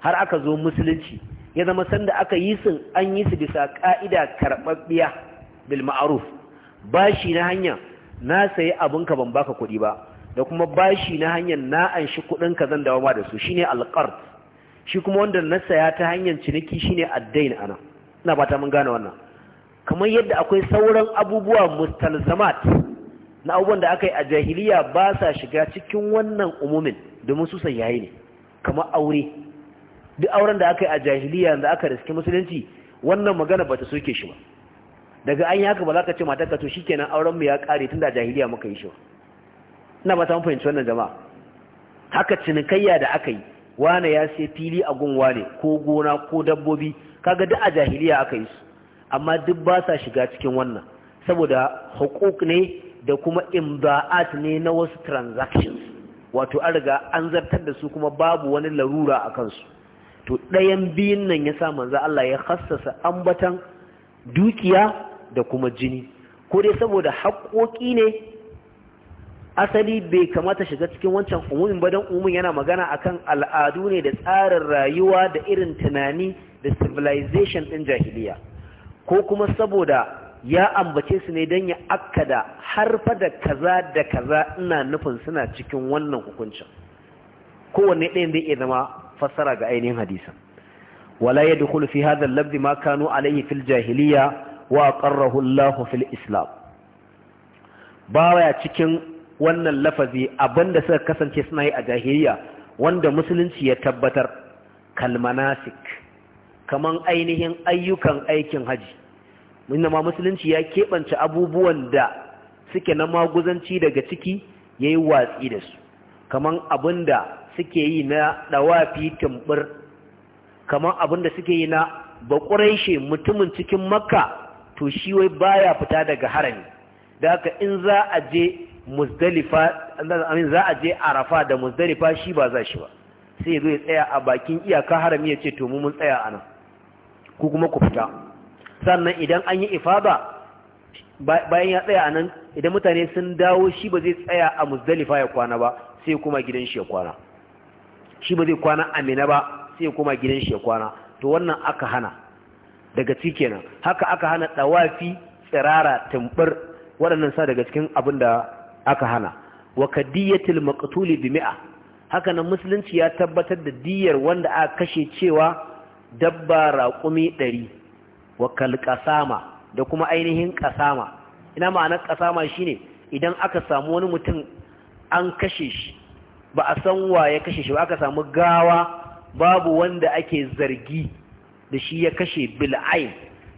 har aka zo musulunci ya zama sanda aka yi su an yi su bisa ƙa'ida karɓaɓɓiya bil ma'aruf bashi na hanya na sayi abinka ban baka kuɗi ba da kuma bashi na hanyar na an shi ka zan dawa da su shine alƙard shi kuma wanda na saya ta hanyar ciniki shine addain ana ina ba ta mun gane wannan kamar yadda akwai sauran abubuwa mustalzamat na abubuwan da aka yi a jahiliya ba sa shiga cikin wannan umumin domin su yayi ne kamar aure duk auren da aka yi a jahiliya da aka riski musulunci wannan magana ba ta soke shi ba daga an yi haka ba za ka ce ka to shikenan auren mu ya kare tun da jahiliya muka yi shi ba ina ba ta fahimci wannan jama'a haka cinikayya da aka yi wane ya sai fili a gun wane ko gona ko dabbobi kaga duk a jahiliya aka yi su amma duk ba sa shiga cikin wannan saboda hukuk ne da kuma imba'at ne na wasu transactions wato an riga an zartar da su kuma babu wani larura a kansu to ɗayan biyun nan ya sa manzo Allah ya hassasa ambatan dukiya da kuma jini ko dai saboda haƙoƙi ne asali bai kamata shiga cikin wancan umumin ba don umumin yana magana akan al'adu ne da tsarin rayuwa da irin tunani da civilization ɗin jahiliya ko kuma saboda ya ambace su ne don ya akkada harfa da kaza da kaza ina nufin suna cikin wannan hukuncin kowanne ɗayan zai iya zama fassara ga ainihin hadisan. wala ya dukulu fi hadha labdi ma kanu alayhi fil jahiliya wa aqarrahu Allahu fil islam Ba waya cikin wannan lafazi abinda suka kasance suna yi a jahiliya wanda musulunci ya tabbatar kalmanasik kaman ainihin ayyukan aikin haji inna ma musulunci ya keɓance abubuwan da suke na maguzanci daga ciki ya yi watsi da su kamar abin da suke yi na ɗawafi tumbur kamar abin da suke yi na shi mutumin cikin makka to shi wai baya fita daga harami da haka in za a je muzdalifa za a je arafa da muzdalifa shi ba za shi ba sai ya ya tsaya a bakin iyaka harami ya ce to mu mun tsaya anan ku kuma ku fita sannan idan an yi ifada bayan ya tsaya anan idan mutane sun dawo shi ba zai tsaya a muzdalifa ya kwana ba sai kuma gidan shi ya kwana shi ba zai kwana amina ba sai kuma gidan shi ya kwana to wannan aka hana daga ciki nan, haka aka hana dawafi tsirara tumbur waɗannan sa daga cikin abin da aka hana wa kadiyatul maqtuli bi mi'a haka nan musulunci ya tabbatar da diyar wanda aka kashe cewa dabba raƙumi ɗari wa kalqasama da kuma ainihin kasama ina ma'anar kasama shine idan aka samu wani mutum an kashe shi ba a san wa ya kashe shi ba aka samu gawa babu wanda ake zargi da shi ya kashe bil'ain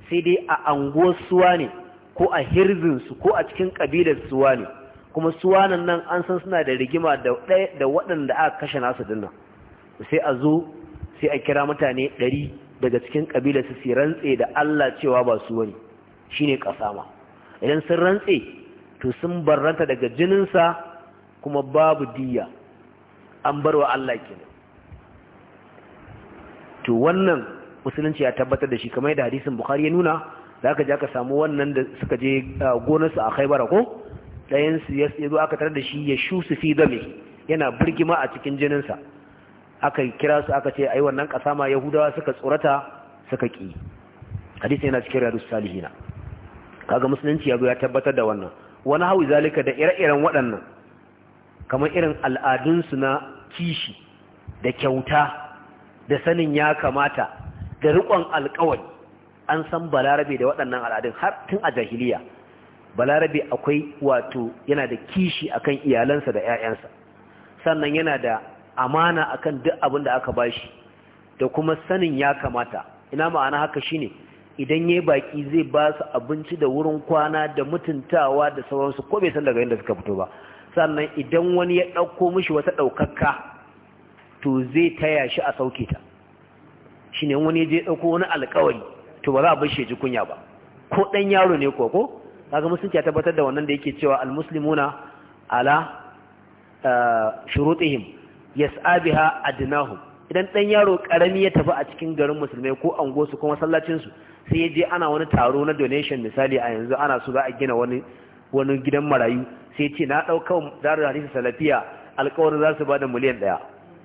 sai dai a anguwar suwa ne ko a hirzinsu ko a cikin kabilar suwa ne kuma suwanan nan an san suna da rigima da waɗanda aka kashe nasu dinnan sai a zo sai a kira mutane ɗari daga cikin kabilar su rantse da Allah cewa ba su wani shine kasama idan sun rantse to sun barranta daga jininsa kuma babu diyya an barwa Allah kenan to wannan musulunci ya tabbatar da shi kamar da hadisin bukhari ya nuna za ka je aka samu wannan da suka je gonarsu a khaibara ko ɗayansu ya zo aka tarar da shi ya shusu fi dame yana birgima a cikin jininsa aka kira su aka ce ai wannan kasa ma yahudawa suka tsorata suka ƙi hadisi yana cikin riyadus salihina kaga musulunci ya ya tabbatar da wannan wani hawi zalika da ire-iren waɗannan kamar irin al'adunsu na kishi da kyauta da sanin ya kamata da riƙon alƙawari an san balarabe da waɗannan al'adun har tun a jahiliya balarabe akwai wato yana da kishi akan iyalansa da 'ya'yansa sannan yana da amana akan duk abin da aka bashi da kuma sanin ya kamata ina ma'ana haka shine idan yayi baki zai ba su abinci da wurin kwana da mutuntawa da sauransu ko bai san daga inda suka fito ba sannan idan wani ya dauko mishi wata daukakka to zai taya shi a sauke ta shine wani je dauko wani alƙawari to ba za a bar shi ji kunya ba ko dan yaro ne ko ko kaga musulunci ya tabbatar da wannan da yake cewa almuslimuna ala eh, shurutihim yas'a biha adnahum idan dan yaro karami ya tafi a cikin garin musulmai ko ango su kuma sallacin su sai ya je ana wani taro na donation misali a yanzu ana so za a gina wani wani gidan marayu sai ce na dauka darul hadisi salafiya alƙawarin za su bada miliyan daya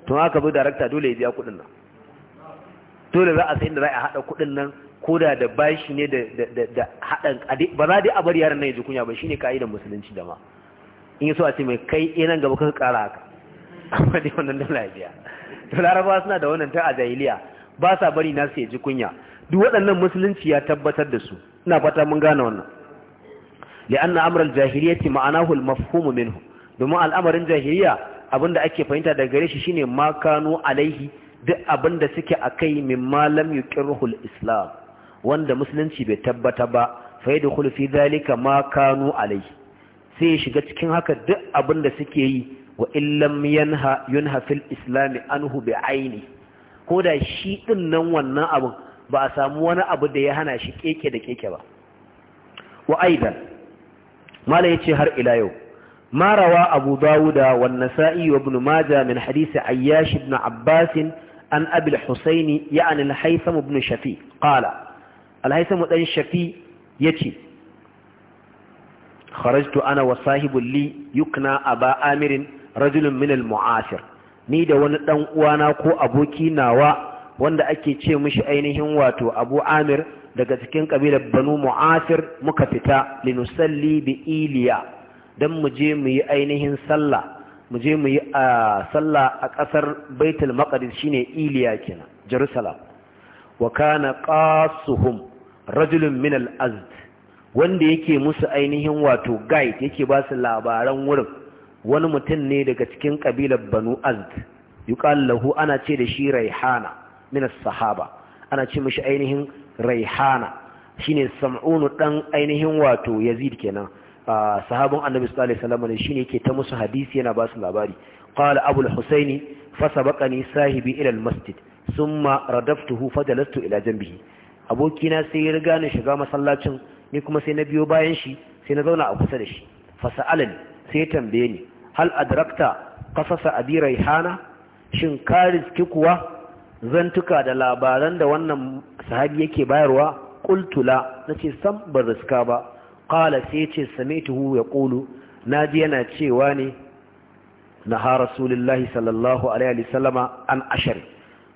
to haka bi director dole ya biya kuɗin nan dole za a sai inda za a hada kuɗin nan koda da bashi ne da da hadan ba za dai a bar yaran nan ya ji kunya ba shine kaidar musulunci da ma in so a ce mai kai eh, nan gaba ka kara haka amma dai wannan larabawa suna da wannan ta a ba sa bari na su ji kunya duk waɗannan musulunci ya tabbatar da su ina fata mun gane wannan li'anna amral jahiliyyati ma'anahu al-mafhumu minhu domin al'amarin jahiliya abinda ake fahimta daga gare shi shine ma kanu alaihi duk abinda suke akai min ma lam yuqirru islam wanda musulunci bai tabbata ba fa yadkhulu fi dhalika ma kanu alaihi sai shiga cikin haka duk abin da suke yi wa illam yanha yunha fil islam anhu bi aini ko da shi din nan wannan abin ba a samu wani abu da ya hana shi keke da keke ba wa aida mala yace har ila yau ma rawa abu dawuda wa nasa'i wa ibn majah min hadisi ayyash ibn abbas an abi al-husayn ya'ni al-haytham shafi qala al-haytham dan shafi yace خرجت ana وصاحب لي يكنى أبا آمرٍ rajulun minal mu'asir ni da wani dan uwana ko aboki nawa wanda ake ce mishi ainihin wato Abu Amir daga cikin kabilar Banu Mu'asir muka fita linusalli bi Iliya dan mu je mu yi ainihin sallah mu je mu yi sallah a ƙasar Baitul Maqdis shine Iliya kenan Jerusalem wa kana qasuhum rajulun Minal azd wanda yake musu ainihin wato guide yake ba su labaran wurin wani mutum ne daga cikin ƙabilar banu azd yuqal ana ce da shi raihana minas sahaba ana ce mishi ainihin raihana ne sam'unu ɗan ainihin wato yazid kenan sahabin annabi sallallahu alaihi wasallam ne shine yake ta musu hadisi yana ba su labari qala abu al-husaini fasabaqani sahibi ila al-masjid thumma radaftuhu fajalastu ila janbihi abokina sai ya riga ni shiga masallacin ni kuma sai na biyo bayan shi sai na zauna a kusa da shi fasalani sai ya tambaye ni hal adrakta kasasa abi raihana shin ka riski kuwa zantuka da labaran da wannan sahabi yake bayarwa Na nace sam ban riska ba qala sai yace sami'tuhu Na naji yana cewa ne ha rasulullahi sallallahu alaihi wa sallama an ashar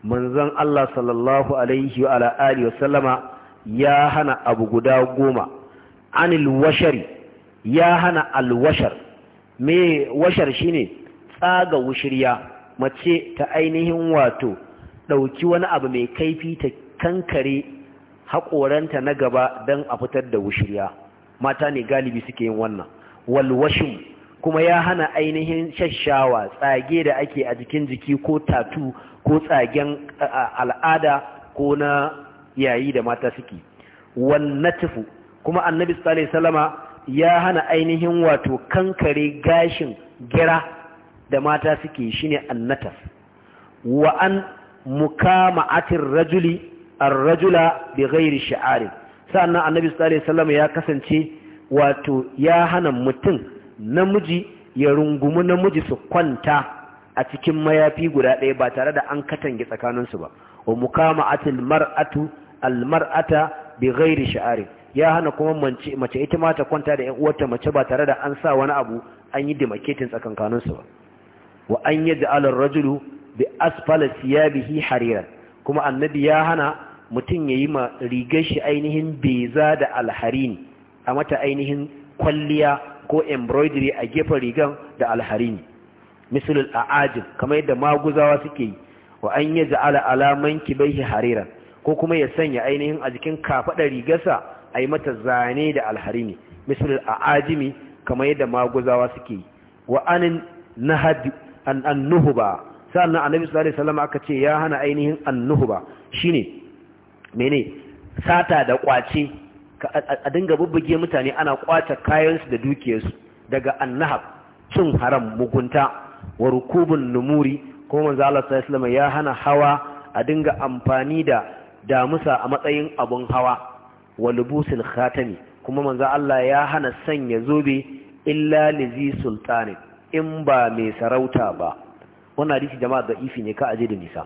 manzon Allah sallallahu alaihi wa alihi wa sallama ya hana abu guda goma anil washari ya hana alwashar me washar shi ne, tsaga wushirya mace ta ainihin wato ɗauki wani abu mai kaifi ta kankare haƙoranta na gaba don a fitar da wushirya mata ne galibi suke yin wannan walwashin kuma ya hana ainihin shashawa tsage da ake a jikin jiki ko tatu ko tsagen al'ada ko na yayi da mata suke wannan tufu kuma annabi sallallahu alaihi wasallama ya hana ainihin wato kankare gashin gira da mata suke shi ne annatas wa an mukama'atir rajuli ar-rajula bi ghairi Sa'an nan annabi sallallahu alaihi ya kasance wato ya hana mutum namiji ya rungumi namiji su kwanta a cikin mayafi guda ɗaya ba tare da an katange tsakaninsu ba wa mukama'atil mar'atu almar'ata marata bi ghairi sha'arin ya hana kuma mace ita ma ta kwanta da 'yan uwarta mace ba tare da an sa wani abu an yi dimaketin tsakankaninsu ba wa an yadda alar rajulu bi asfala siyabihi hariran kuma annabi ya hana mutum yayi ma rigar shi ainihin beza da alharini a mata ainihin kwalliya ko embroidery a gefen rigan da alharini misalul a'ajin kamar yadda maguzawa suke yi wa an yadda ala alaman kibaihi hariran ko kuma ya sanya ainihin a jikin kafaɗar rigarsa a yi mata zane da alharimi misal a'ajimi kamar yadda maguzawa suke yi wa anin nahad an annuhuba sannan annabi sallallahu alaihi wasallam aka ce ya hana ainihin annuhuba shine mene sata da kwace a dinga bubbuge mutane ana kwace kayansu da dukiyarsu daga annahab cin haram mugunta wa rukubun numuri kuma manzo Allah sallallahu alaihi wasallam ya hana hawa a dinga amfani da damusa a matsayin abun hawa wa khatami kuma manzo Allah ya hana sanya zobe illa lizi sultani in ba mai sarauta ba wannan hadisi jama'a da ifi ne ka aje da nisa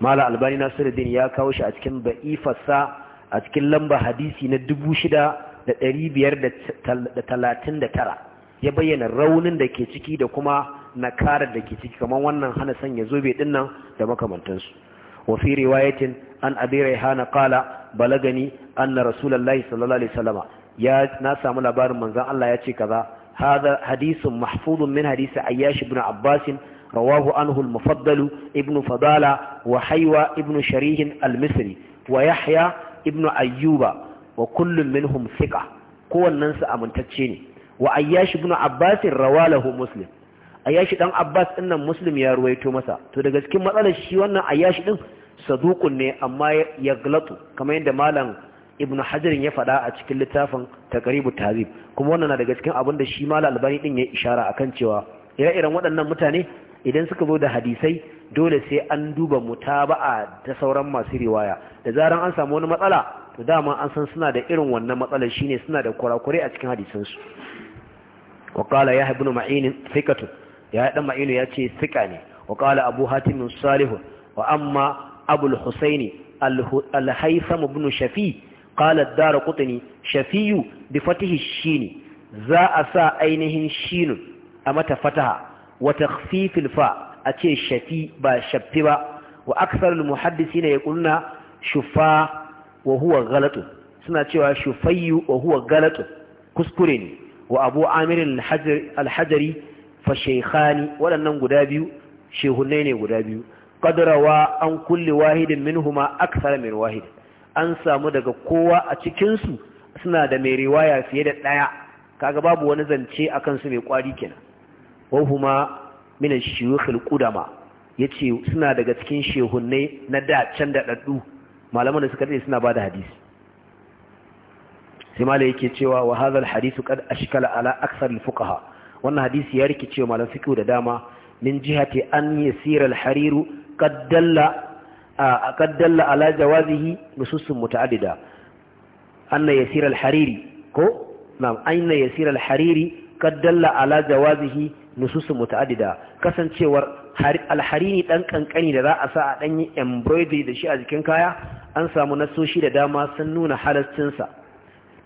mala albani nasiruddin ya kawo shi a cikin da'ifarsa a cikin lamba hadisi na 6539 ya bayyana raunin da ke ciki da kuma nakarar da ke ciki kamar wannan hana sanya zobe dinnan da makamantansu wa fi riwayatin an abi raihana kala balagani anna rasulullahi sallallahu alaihi wasallam ya na samu labarin manzon Allah ya ce kaza hadha hadithun mahfudun min hadisi ayyashi ibn abbas rawahu anhu al-mufaddal ibn fadala wa ibnu ibn sharih al-misri wa yahya ibn ayyuba wa kullun minhum thiqa kowannen su amintacce ne wa ayyash ibn abbas rawalahu muslim ayyashi dan abbas dinnan muslim ya ruwaito masa to daga cikin matsalar shi wannan ayyashi din saduqun ne amma ya glatu kamar yadda malam Ibn hajar ya faɗa a cikin littafin taqribut tazib kuma wannan na daga cikin abin da shi malam albani din ya ishara akan cewa ire-iren waɗannan mutane idan suka zo da hadisai dole sai an duba mutaba'a ta sauran masu riwaya da zaran an samu wani matsala to dama an san suna da irin wannan matsalar shine suna da kurakure a cikin hadisansu wa qala ya ibn ma'in thiqatu ya dan ma'in ya ce thiqa ne wa abu hatim salihu wa amma أبو الحسين الهيثم بن شفي قال الدار قطني شفي بفتح الشين ذا أسا أينه الشين أما تفتح وتخفيف الفاء أتي شفي با شفبا وأكثر المحدثين يقولون شفا وهو غلط سنة شفي وهو غلط كسكرين وأبو عامر الحجر الحجري فشيخاني ولن ننقل دابيو shehunai ne guda biyu qadrawa an kulle wahidin minhuma aksar min wahid an samu daga kowa a cikin su suna da mai riwaya fiye da daya kaga babu wani zance akan su mai kwari kenan wa huma min ash-shuyukh qudama yace suna daga cikin shehunne na da can da daddu malaman da suka dace suna bada hadisi sai malai yake cewa wa hadha al-hadith qad ashkala ala aksar al-fuqaha wannan hadisi ya rikice malan fiqhu da dama min jihati an yasira al-hariru qad dalla ala jawazihi nususun muta'addida anna kasancewar al-harini dan kankani da za a sa a dan embroidery da shi a jikin kaya an samu nasoshi da dama sun nuna halascinsa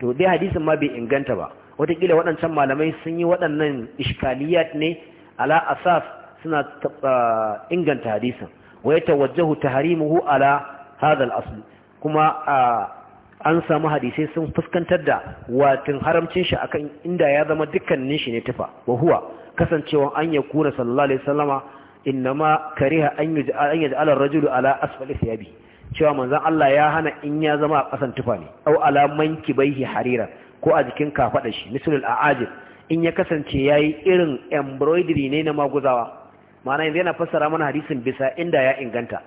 to dai hadisin ma bai inganta ba watakila waɗancan malamai sun yi waɗannan iskaliyat ne ala asas suna ah, inganta hadisin wai ta tahrimuhu ala hadha al-asl kuma ah, an samu hadisai sun fuskantar da watin haramcin shi akan inda ya zama dukkanin shi ne tufa wa huwa kasancewa an yakuna sallallahu alaihi wasallama innama kariha an yaj'ala ar-rajulu ala asfali thiyabi cewa manzon Allah ya hana in ya zama a kasan tufa ne au ala mankibaihi harira ko a jikin kafada shi misalul a'ajil in ya kasance yayi irin embroidery ne na maguzawa ma'ana yanzu yana fassara mana hadisin bisa inda ya inganta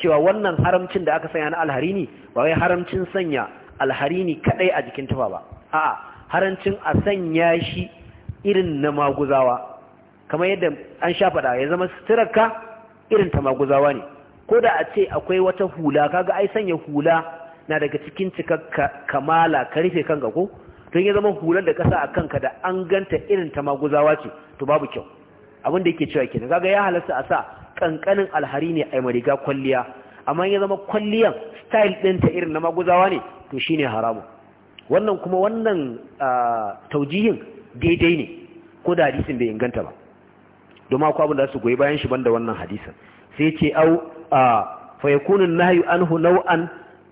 cewa wannan haramcin da aka sanya na alharini ba wai haramcin sanya alharini kadai a jikin tufa ba a'a haramcin a sanya shi irin na maguzawa kamar yadda an sha faɗa ya zama sitirarka irin ta maguzawa ne ko da a ce akwai wata hula kaga ai sanya hula na daga cikin cikakka kamala ka rufe kanka ko don ya zama hular da kasa a kanka da an ganta irin ta maguzawa ce to babu kyau abinda yake cewa kenan kaga ya halasta a sa kankanin alhari ne a mariga kwalliya amma ya zama kwalliyan style din ta irin na maguzawa ne to shine haramu wannan kuma wannan taujihin daidai ne ko da hadisin bai inganta ba domin akwai abin da su goyi bayan shi banda wannan hadisin sai ce au fa yakunu nahyu anhu naw'an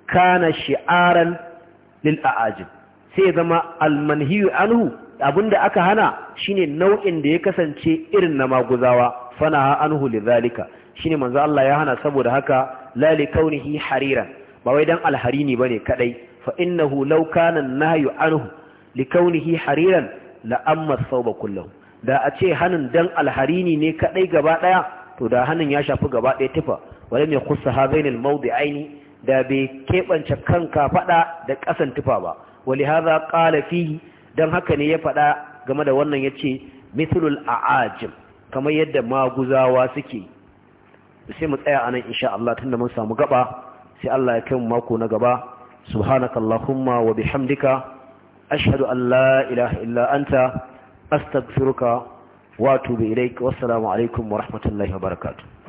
kana shi'aran lil a'ajib sai ya zama al manhiyu anhu abin da aka hana shine nau'in da ya kasance irin na maguzawa fana anhu lidhalika shine manzo Allah ya hana saboda haka la li kaunihi hariran ba wai dan alharini ne bane kadai fa innahu law kana nahyu anhu li kaunihi hariran la amma thawba kullahu da a ce hanin dan alharini ne kadai gaba daya to da hanin ya shafi gaba daya tufa wala mai khussa hazainil mawdi'aini da bai kebance kanka fada da kasan tufa ba ولهذا قال فيه don haka ne ya faɗa game da wannan ya ce mithlul a'ajim kamar yadda maguzawa suke sai mu tsaya anan insha Allah tunda mun samu gaba sai Allah ya kai mu mako na gaba subhanakallahumma wa bihamdika ashhadu an la ilaha illa anta astaghfiruka wa atubu ilaik wassalamu alaikum wa rahmatullahi wa barakatuh